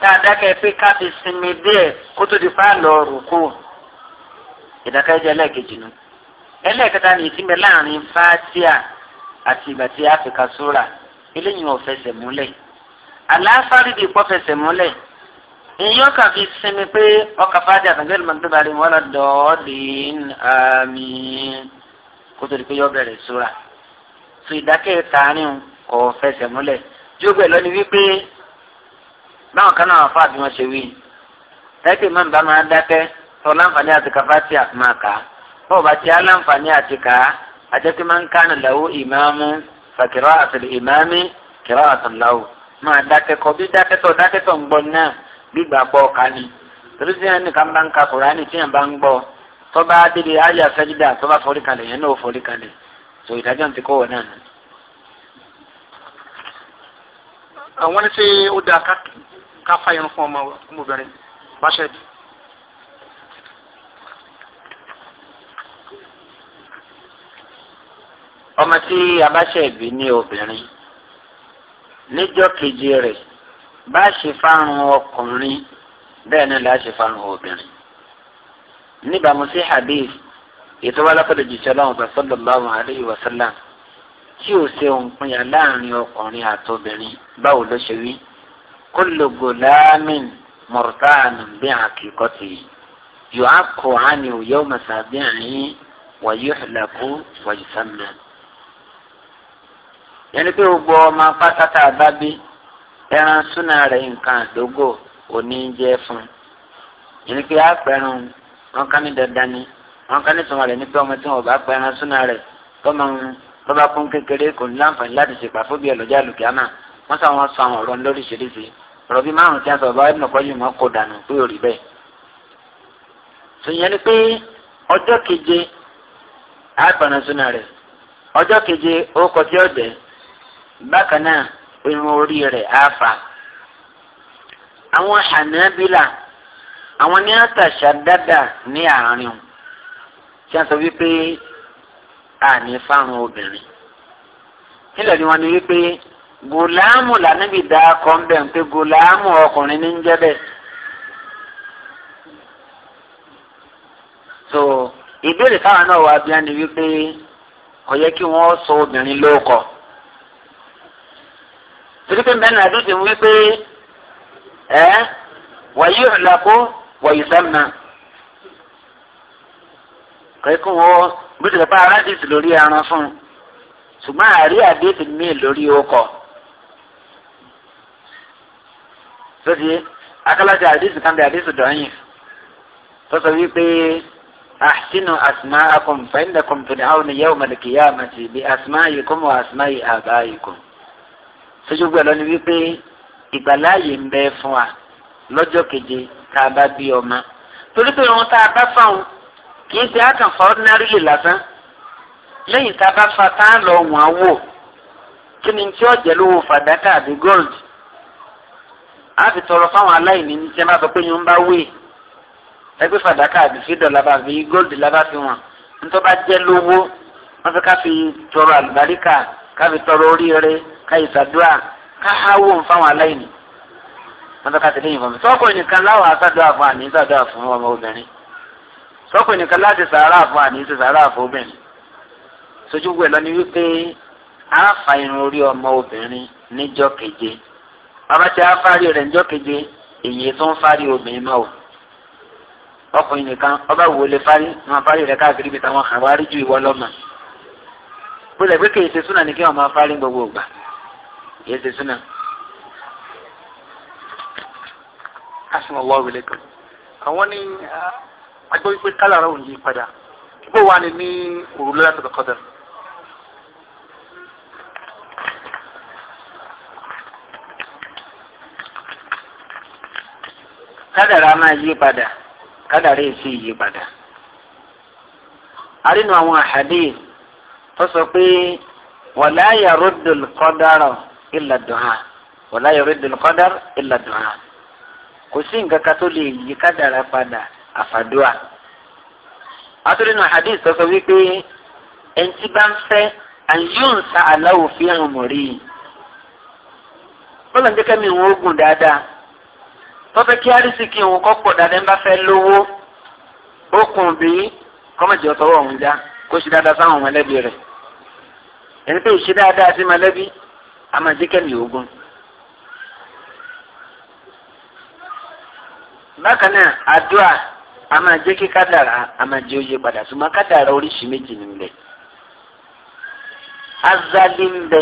tá a dákẹ́ pé ká sinmi díẹ̀ kó tó di fa lọ rùkú ìdákẹ́jẹ́ ẹlẹ́ẹ̀kejì nu ẹlẹ́ẹ̀kẹta ní ìtìmẹ̀ láàrin fàtíà àti ìgbà tí a fi ka sóra ọ̀fẹ́ sì aláfárí di pọ́fẹsẹ̀ múlẹ̀ ìyẹn ọkà fi sinmi pé ọkà fáájì àtàgbẹ́rẹ́ máa ń tóba rí wọn dọ́ọ̀dín àmì kó tó di pé yọ bẹ̀rẹ̀ sóra tó ìdákẹ́ taarin kò fẹsẹ̀ múlẹ̀ jógbẹ́ lọ́ni wípé báwọn kan náà fáà bí wọ́n ṣe wí tẹ́tí máa ń bá máa dákẹ́ tó láǹfààní àti kàfáàtì àti máa kà á bọ́ọ̀ bá ti á láǹfààní àti kà á àjẹpẹ́ máa ń kánà làwọn ìmáàmù fàkìrọ́ àtàlẹ́ ìmáàmì kìrọ́ àtàlẹ́ làwọn máa dákẹ́kọ̀ọ́ bí dákẹ́tọ̀ dákẹ́tọ̀ ń gbọ́ náà gbígbà pọ̀ ọ̀ka ni torí sí ẹni kan bá ń ka kùránì tí yẹn bá ń gbọ́ tọ́ba adéde ayé àfẹ́gídà tọ́ba forí kalẹ̀ yẹn náà forí kalẹ̀ tó ìdájọ́ ti kọ́ wọ náà. àwọn ṣe ó da ká fa irun fún ọmọbìnrin bá ṣẹ́ẹ̀dì. ọmọ tí abáṣẹ́ ìbí ní obìnrin níjọ́ kejì rẹ̀ bá ṣe fárun ọkùnrin bẹ́ẹ̀ náà láà ṣe fárun obìnrin níbàámu sí hadith ètò wa lọ́kọ̀dọ̀ jìṣẹ́ lọ́wọ́ bá sallallahu alayhi wa sallam tí ò ṣe òǹpinya láàrin ọkùnrin àtobìnrin báwo ló ṣe wí kullu gulamin murtanin bi'aqiqatihi yu'aqqu anhu yawma sabi'ihi wa yuhlaku wa yusamma yẹni pé gbogbo ọmọ pátátá bá bí ẹran súnà rẹ̀ nǹkan àdógò òní jẹ́ fún yẹni pé àpẹrun wọn ká ní dandan ni wọn ká ní sọmọ rẹ̀ ní pé ọmọ tí wọn bá pẹran súnà rẹ̀ tọmọ tọba kún kékeré kò ní láǹfààní láti ṣèpà fún bí ẹlòjá lùkìámà wọn sọ àwọn sọ àwọn ọ̀rọ̀ lóríṣiríṣi ọ̀rọ̀ bíi márùn tí a sọ bá ẹnu kọjú mọ kó dànù pé ò rí bẹ́ẹ̀. sèyàn pé ọjọ́ keje àpàrànṣúná rẹ̀ ọjọ́ keje ó kọjú ọ̀dẹ́ bákan náà irun orí rẹ̀ á fà. àwọn Hanabila àwọn ní àtàṣà dáadáa ní àárín o tí a sọ wípé àní fáwọn obìnrin nílẹ̀ ni wọ́n ní wípé gùlámù lànàbì dá akọ ń bẹ̀ ń pé gùlámù ọkùnrin ní ń jẹ́ bẹ́ẹ̀. so ìbéèrè táwọn náà wá bí wọ́n ní wípé kò yẹ kí wọ́n sọ obìnrin lóko torí pé mẹ́rin àdúgbò ń wí pé ẹ́ wàyí ọ̀làkó wàyí sẹ́mìnà. kẹ́kọ̀ọ́ wọ́n bí tẹ̀lé pa aráàdìsì lórí aran fún un ṣùgbọ́n àárí àdéhùn míì lórí ọkọ̀. sọ́dí akálàṣẹ àdéhùn kan bí àdéhùn dọ̀yìn tó sọ wípé àṣìnú àsìmá akọ̀mùfẹ́ ńlẹ̀kọ̀mùfẹ́ ní àwọn ènìyàn ọmọdé kìí àmàṣe bí àsìmá yìí kọ́mọ àsìmá yìí àbá yìí kọ́mọ sójú gbẹ lọ ni wípé ìgbàláàyè ń bẹ fún wa lọ́jọ́ keje tá a bá bí ọmọ torí pé ohun tá a bá fáwọn kì í ṣe àkànfà ordinary lè lásán lẹ́yìn tá a bá fa tá a lọ wọ́n wò kí ni tí ọ̀jẹ̀ lówó fàdákà àbí gold a fi tọrọ fáwọn aláìní ní sẹ́ńbà sọ pé yín bá wéè ẹgbẹ́ fàdákà àbí fídọ̀ làbá fi gold làbá fi wọ̀n ntọ́ bá jẹ́ lówó wọ́n fẹ́ ká fi tọrọ àlùbáríkà káfi tọrọ oríire káyì sàdúrà káháwó fáwọn aláìní wọn tọ́ka tẹ̀lé ìfọ̀mù sọ́kùnrin nìkan láwọn asádùá fún àní sàdúrà fún ọmọ obìnrin sọ́kùnrin nìkan láti sàárà fún àní sàárà fún obìnrin sojú gbẹ lọ ni wípé àáfà irun orí ọmọ obìnrin níjọ́ keje bàbá tí a fárí rẹ̀ níjọ́ keje èyí tó ń fárí obìnrin máa wò ọkùnrin nìkan ọba wo lè fárí wọn fárí rẹ̀ káàkiri bí táwọn àwárí ju ìwọ lọ́mọ. bó lẹ̀ pé kì í ṣe súnà ní kí wọ́n máa fárí gbogbo ìgbà kì ṣe súnà. asalaamu alaykum àwọn ní wípé yí padà wà ní òru tó kọ́dà. kádàrá máa yí padà kádàrá èsì yí padà. àrínú àwọn ó sọ pé wàlá yarudul qadara illa du'a wàlá yarudul qadara illa du'a kò sí nǹkan kan tó lè yí kádàrá padà àfàdúà àtúndì nù hadith tó sọ wípé ẹni tí bá ń fẹ́ àyùnsá aláwò fi hàn mọ̀rí bọ́lá ń jẹ́kẹ́ mi ń wógun dáadáa tọ́fẹ́ kí arísìkì òun kọ́ pọ̀ dáadáa ń bá fẹ́ lówó ó bí kọ́mọ̀jì ọ̀tọ̀wọ̀ òun já kó ṣe dáadáa sáwọn mọ̀lẹ́bí rẹ̀ ẹni pé ìṣe dáadáa sí mọ̀lẹ́bí a máa jẹ́ kẹ́mi ogun. bákan náà àdúrà a máa jẹ́ kí kádàrà a máa jẹ́ oyè padà ṣùgbọ́n kádàrà oríṣi méjì nílẹ̀ azali ń bẹ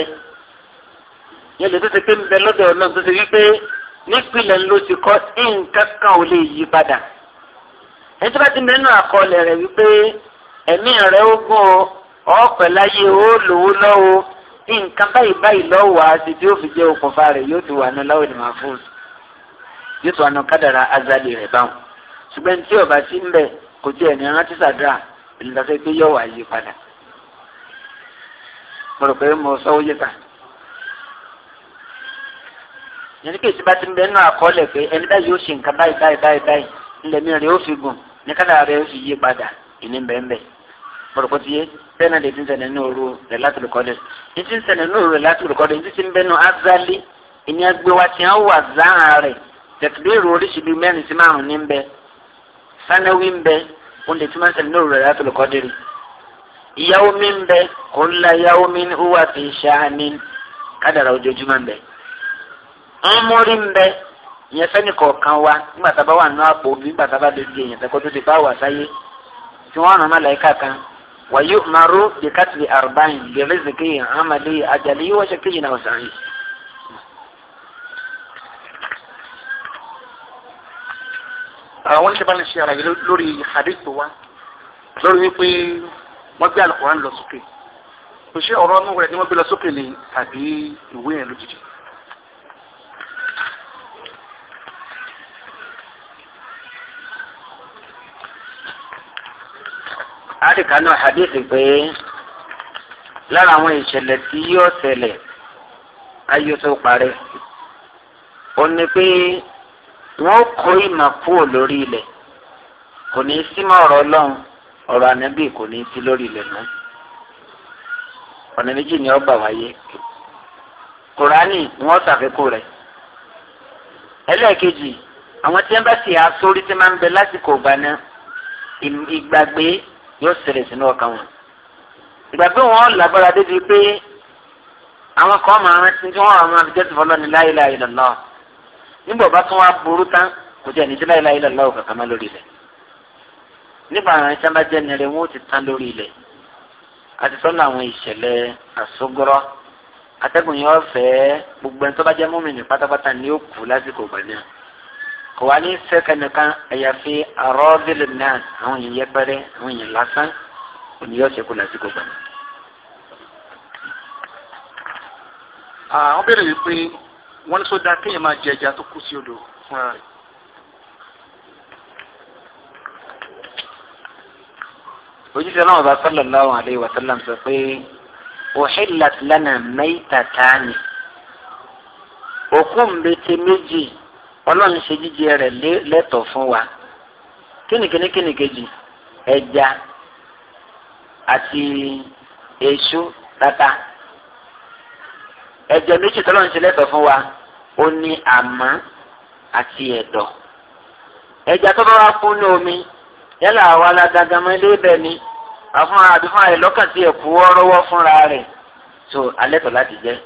yẹn lè tó ti pé ń bẹ lọ́dọ̀ ọlọ́run tó ti wí pé nípìnlẹ̀ ló ti kọ́ nǹkan kan ò lè yí padà ẹni tó bá ti mẹ́nu àkọọ́lẹ̀ rẹ̀ wípé ẹ̀mí rẹ̀ ó gùn o ọ̀pẹ̀ láyé ó lówó lọ́wọ́ nǹkan báyìí báyìí lọ́wọ́ àti tí ó fi jẹ́ okùnfà rẹ̀ yóò ti wà ní láwọn ènìyàn fún un yóò ti wà ní kádàrà azali rẹ̀ báwọn ṣùgbọ́n tí ọba ti ń bẹ̀ kò tí ẹ̀ní rántí sàdúrà ìlànà pé yóò wà yí padà mo rò pé mo sọ́wọ́ yé ta yẹn ní kéèsì bá ti ń bẹ nínú àkọọ́lẹ̀ pé ẹni báyìí yóò ṣe nǹkan báyìí báyìí báyìí ńlẹ̀mí rẹ̀ ó fi gùn ní kádàrà rẹ̀ ó fi yí padà ìní bẹ́ẹ̀ bọ̀dọ̀ kọ́tí yé bẹ́ẹ̀ náà lè ti ń ṣẹlẹ̀ ní òru rẹ̀ láti lùkọ́dẹ̀ ní ti ń ṣẹlẹ̀ ní òru rẹ̀ láti lùkọ́dẹ̀ ní ti ń bẹ́ẹ̀ azali ìní agbéwá tí wọ́n wà záhàn rẹ̀ tẹ̀kídéèrò oríṣi bíi mẹ́rin sí márùn ní bẹ́ẹ̀ sanawi ń bẹ́ẹ̀ ó lè ti máa ń ṣẹlẹ̀ ní òru rẹ̀ láti lùkọ́dẹ̀ rí ìyàwó mi ń bẹ́ẹ̀ kò ń la ìyàwó mi ń hùwà fi ṣáání kádàrà ojoojúmọ́ ń bẹ́ẹ̀ ọmọrí ń bẹ́ẹ̀ ìyẹn fẹ́ni kọ̀ọ̀kan wa nígbà tá a bá wà nínú àpò nígbà tá a bá dojú ìyẹn tẹ́kọ́ tó ti bá wà tí wọ́n rán màláíkà kan wàyí umaru bí kásìlì arba'in bí rìzìkì amali àjàlí wọ́n ṣe kéyìn náà sàn yìí. àwọn oníṣẹ́ bá lè ṣe àlàyé lórí hadith wa lórí wípé wọ́n gbé al lọ sókè kò ṣe ọ̀rọ̀ ọ̀nù rẹ̀ ni wọ́n gbé lọ sókè ni tàbí ìwé yẹn lójijì. àdìkánná hadithi pé lára àwọn ìṣẹ̀lẹ̀ tí yóò ṣẹlẹ̀ ayé tó parí ó ní pé wọ́n kó ìmọ̀ kúrò lórí ilẹ̀ kò ní í símọ̀ ọ̀rọ̀ ọlọ́run ọ̀rọ̀ ànábì kò ní í sí lórí ilẹ̀ náà ọ̀nà méjì ni ọba wáyé kùránì wọ́n ṣàfikún rẹ̀ ẹlẹ́ẹ̀kejì àwọn tí wọ́n bá sì á sórí tí máa ń bẹ lásìkò ìgbà náà ìgbàgbé yóò ṣẹlẹ̀ sínú ọkàn wọn. ìgbà pé wọ́n lágbára débi pé àwọn kan máa rántí tí wọ́n àwọn abidjan fọlọ́ ní la ilaha illallah nígbà bá tún wá burú tán kò jẹ́ nídìí la ilaha illallah kankan má lórí ilẹ̀ nígbà àwọn iṣẹ́ bá jẹ́ nìrẹ̀ wọ́n ti tán lórí ilẹ̀ àti sọ́nà àwọn ìṣẹ̀lẹ̀ àsogọ́rọ́ atẹ́gùn yẹn ọ̀fẹ́ gbogbo ẹni tó bá jẹ́ mọ́mìnì pátápátá ni ó kú lásìkò gbàdúrà kò wá ní sẹ́kẹ̀ nìkan àyàfi àrọ́bìlì náà àwọn yìí yẹpẹrẹ àwọn yìí lásán òní yóò ṣe kú lásìkò gbọ̀nà. àwọn béèrè wípé wọ́n ní sódà kéèyàn máa jẹ ẹja tó kú sí odò fúnra rẹ̀. ojúṣe náà bá sallallahu alayhi wa sallam sọ pé uhillat lana maytatani òkú mbete méjì ọlọ́run ṣe jíjẹ rẹ̀ lẹ́tọ̀ fún wa kínìkínní kínìkejì ẹja àti èṣù tata ẹ̀jẹ̀ méjì tọ́lọ́run ṣe lẹ́tọ̀ fún wa ó ní àmọ́ àti ẹ̀dọ̀ ẹja tó bá wá fún ní omi yálà àwa aládagamọ́ ilé ibẹ̀ ni àfúnra àbí fúnra rẹ̀ lọ́kàn sí ẹ̀kú ọ̀rọ̀wọ́ fúnra rẹ̀ tó alẹ́tọ̀ láti jẹ́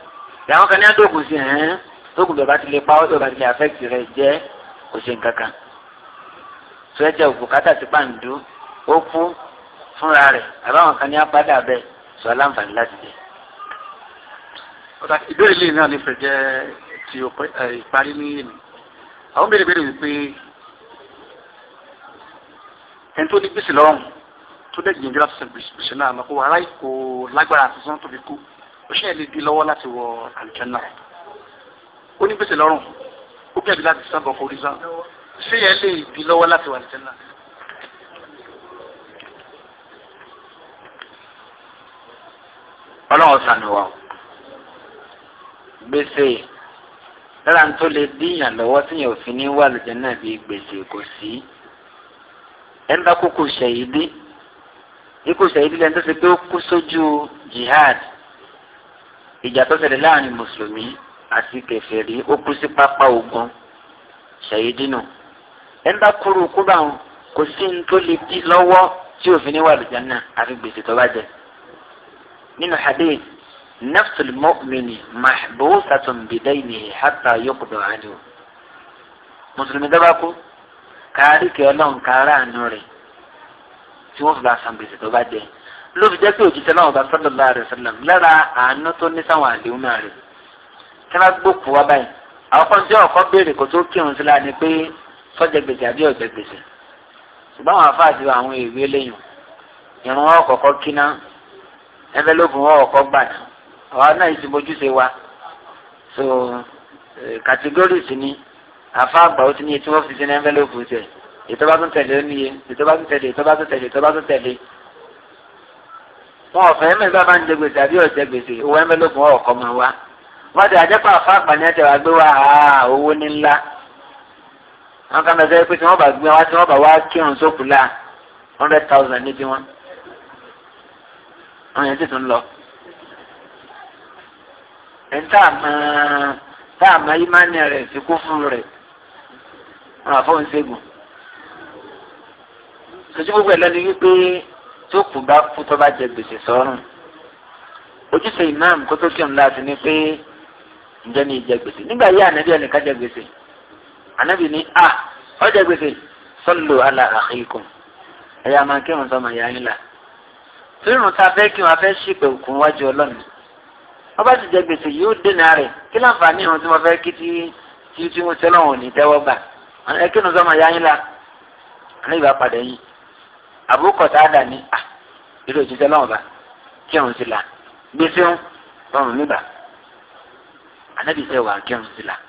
ìyàwó kan ní àdóògùn sí hàn tókùn bẹ̀rẹ̀ bá ti lè pa ọ́ bẹ̀rẹ̀ bá ti lè àfẹ́kì rẹ̀ jẹ́ kò ṣe nǹkan kan tó ẹ jẹ́ òbúkátà sí pàǹdù ó kú fúnra rẹ̀ àbáwọn kan ní apádà bẹ́ẹ̀ sọ aláǹfààní láti jẹ. ìbéèrè lè náà nífẹ̀ẹ́ jẹ́ ti ìparí ní èmi àwọn béèrè béèrè wípé ẹni tó ní gbèsè lọ́rùn tó dẹ̀ gbìyànjú láti sọ gbèsè náà àmọ́ kó aláìkó lágbára àti sọ́n tó kú ó di lọ́wọ́ láti wọ àlùjànnà náà onígbèsè lọ́rùn ó bí ẹ̀dí láti sábà forí sán ṣé yẹn lè bí lọ́wọ́ láti wà nìjẹ́ náà. ọlọ́run ni wa gbèsè lára tó lè díyàn lọ́wọ́ tíyàn ò fi ní wà lójẹ́ náà bíi gbèsè kò sí ẹ̀ńdà kúkú ṣèyídí ikú ṣèyídí lẹ́nu tó ṣe pé ó kú sójú jihad ìjà tó ṣẹlẹ̀ láàrin mùsùlùmí àti kẹfẹ́rí ó kú sí pápá ogun ṣèyídínú ẹni bá kúrò kú bá wọn kò sí ní tó lè dí lọ́wọ́ tí òfin ní wà lùjánná àfi gbèsè tó bá jẹ nínú hadith nafsul mu'mini mahbusatun bidaynihi hatta yuqda anhu mùsùlùmí dábàá kú kárí kẹ ọlọ́run kára àánú rẹ̀ tí wọ́n fi bá san gbèsè tó bá jẹ ló jẹ́ pé òjijì náà bá sallallahu alaihi wasallam lára àánú tó ní sáwọn àdéhùn náà rẹ̀ tí wọ́n gbòkú wá báyìí àwọn kan tí ọkọ béèrè kó tó kírun sí la ni pé sọ́jà gbèsè àbí ọ̀jẹ̀ gbèsè ṣùgbọ́n àwọn afáàtì àwọn ìwé lẹ́yìn ìrún wọn kọ̀kọ́ kíná ẹnvẹ́lópù wọn kọ̀kọ́ gbà ná àwa náà yìí ti mójúṣe wa so categories ni àfáàgbà ó ti ní etí wọ́n fi sí ní ẹnvẹ́lópù tẹ̀ ètò bá tún tẹ̀lé ó níye ètò bá tún tẹ̀lé ètò bá tún tẹ̀lé ètò bá tún tẹ̀lé wọn ọ̀fẹ́ mẹ́ta bá ń jẹ gbèsè àbí ọ̀jẹ̀ gbèsè owó ẹnvẹ́lópù wọn kọ̀kọ́ máa wá mọ́tò àjẹpọ̀ àfáàgbà ni ẹ̀tẹ̀ wá gbé wá owó ní ńlá wọn kàn lọ sẹ́yìn pé tí wọ́n bá gbé wá tí wọ́n bá wá kírun sókù láà hundred thousand ní tiwọn wọn yẹn sì tún lọ. ẹ̀ńtà máa tá a máa ìmánì rẹ̀ fi kú fún rẹ̀ wọn àfọ̀ ń ṣègùn. sojú gbogbo ẹ̀ lọ́ni wípé tó kù bá kú tó bá jẹ gbèsè sọ́rùn ojúṣe imam kó tó kí òun láti ni pé ǹjẹ́ ní ìjẹ gbèsè nígbà yí ànábì ẹnìkan jẹ gbèsè ànábì ní a ọjẹ gbèsè sọlù ala àkìkùn ẹ̀yà máa kírun sọmọ ìyá yín la fírun tá a fẹ́ kí wọn a fẹ́ ṣìpẹ̀ òkun wájú ọlọ́run wọ́n bá ti jẹ gbèsè yóò dènà rẹ̀ kí láǹfààní ìrun tí wọ́n fẹ́ kí tí tí tí wọ́n sẹ́lọ̀ wọn ní tẹ́wọ́ gbà ẹ kírun sọmọ ìyá yín la ànábì bá padà yín àbúkọ̀ tá a dà ní à ìlú òjijì ọlọ́run bá kírun sí la gbèsè ń rọrùn ànábì sẹ wà kírun sí la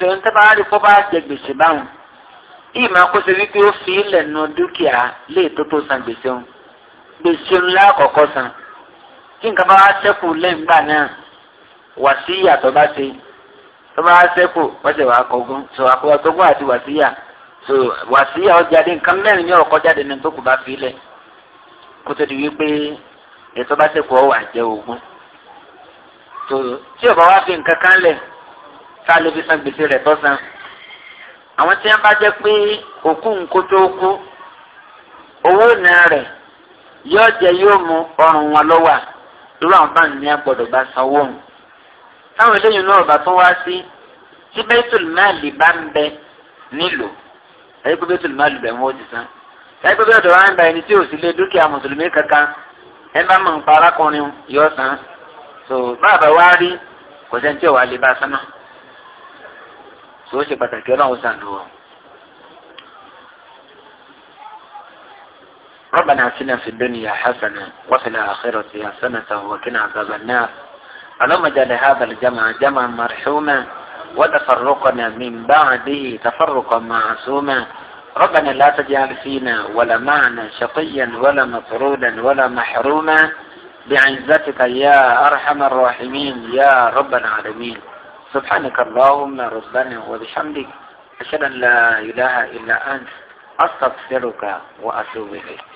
sọ̀rọ̀ tábà rí kó bá jẹ gbèsè báwọn yìí máa kó ṣe wípé ó fi ilẹ̀ nu dúkìá lè tó tó san gbèsè wọn gbèsè ńlá kọ̀ọ̀kọ́ san kí nǹkan bá wá sẹ́kù lẹ́ǹgbà náà wà sí ìyàtọ̀ bá ṣe tó bá wá sẹ́kù wọ́n ṣe wàá kọ́gún ṣe wàá kọ́gún àtọ́gún àti wà sí ìyà so wà sí ìyà ọjàdé nǹkan mẹ́rin ní ọ̀kọ́ jáde ní tó kù bá fi ilẹ̀ kó tó di wípé ètò bá sẹ́kù ọ̀ tó tí ọba wa fi nǹkan kan lẹ̀ ká ló fi san gbèsè rẹ̀ tó san àwọn tí wọn bá jẹ pé òkú nǹkó tó kú owó náà rẹ̀ yóò jẹ yóò mu ọrùn wọn lọ́wọ́ lórí àwọn báńkì ní agbọ́dọ̀ bá san owó òun táwọn eléyìí náà bá tún wá sí tí bẹ́tùl máàlì bá ń bẹ nílò ẹ̀yí pé bẹ́tùl máàlì bẹ̀ wọ́n ti san ẹ̀yí pé bẹ́tùl máàlì bá ẹni tí ò sí lé dúkìá mùsùlùmí kankan ẹ̀ bá mọ̀ nípa arákùnrin yóò san. so bá wá rí kò sẹ́ni tí ò wá lè bá sánmà so ó ṣe pàtàkì ọlọ́run sàn lọ́wọ́. ربنا اتنا في الدنيا حسنة وفي الآخرة حسنة وقنا عذاب النار اللهم اجعل هذا الجمع جمعا مرحوما وتفرقنا من بعده تفرقا معصوما ربنا لا تجعل فينا ولا معنا شقيا ولا مطرودا ولا محروما بعزتك يا أرحم الراحمين يا رب العالمين سبحانك اللهم ربنا وبحمدك أشهد أن لا إله إلا أنت أستغفرك وأتوب إليك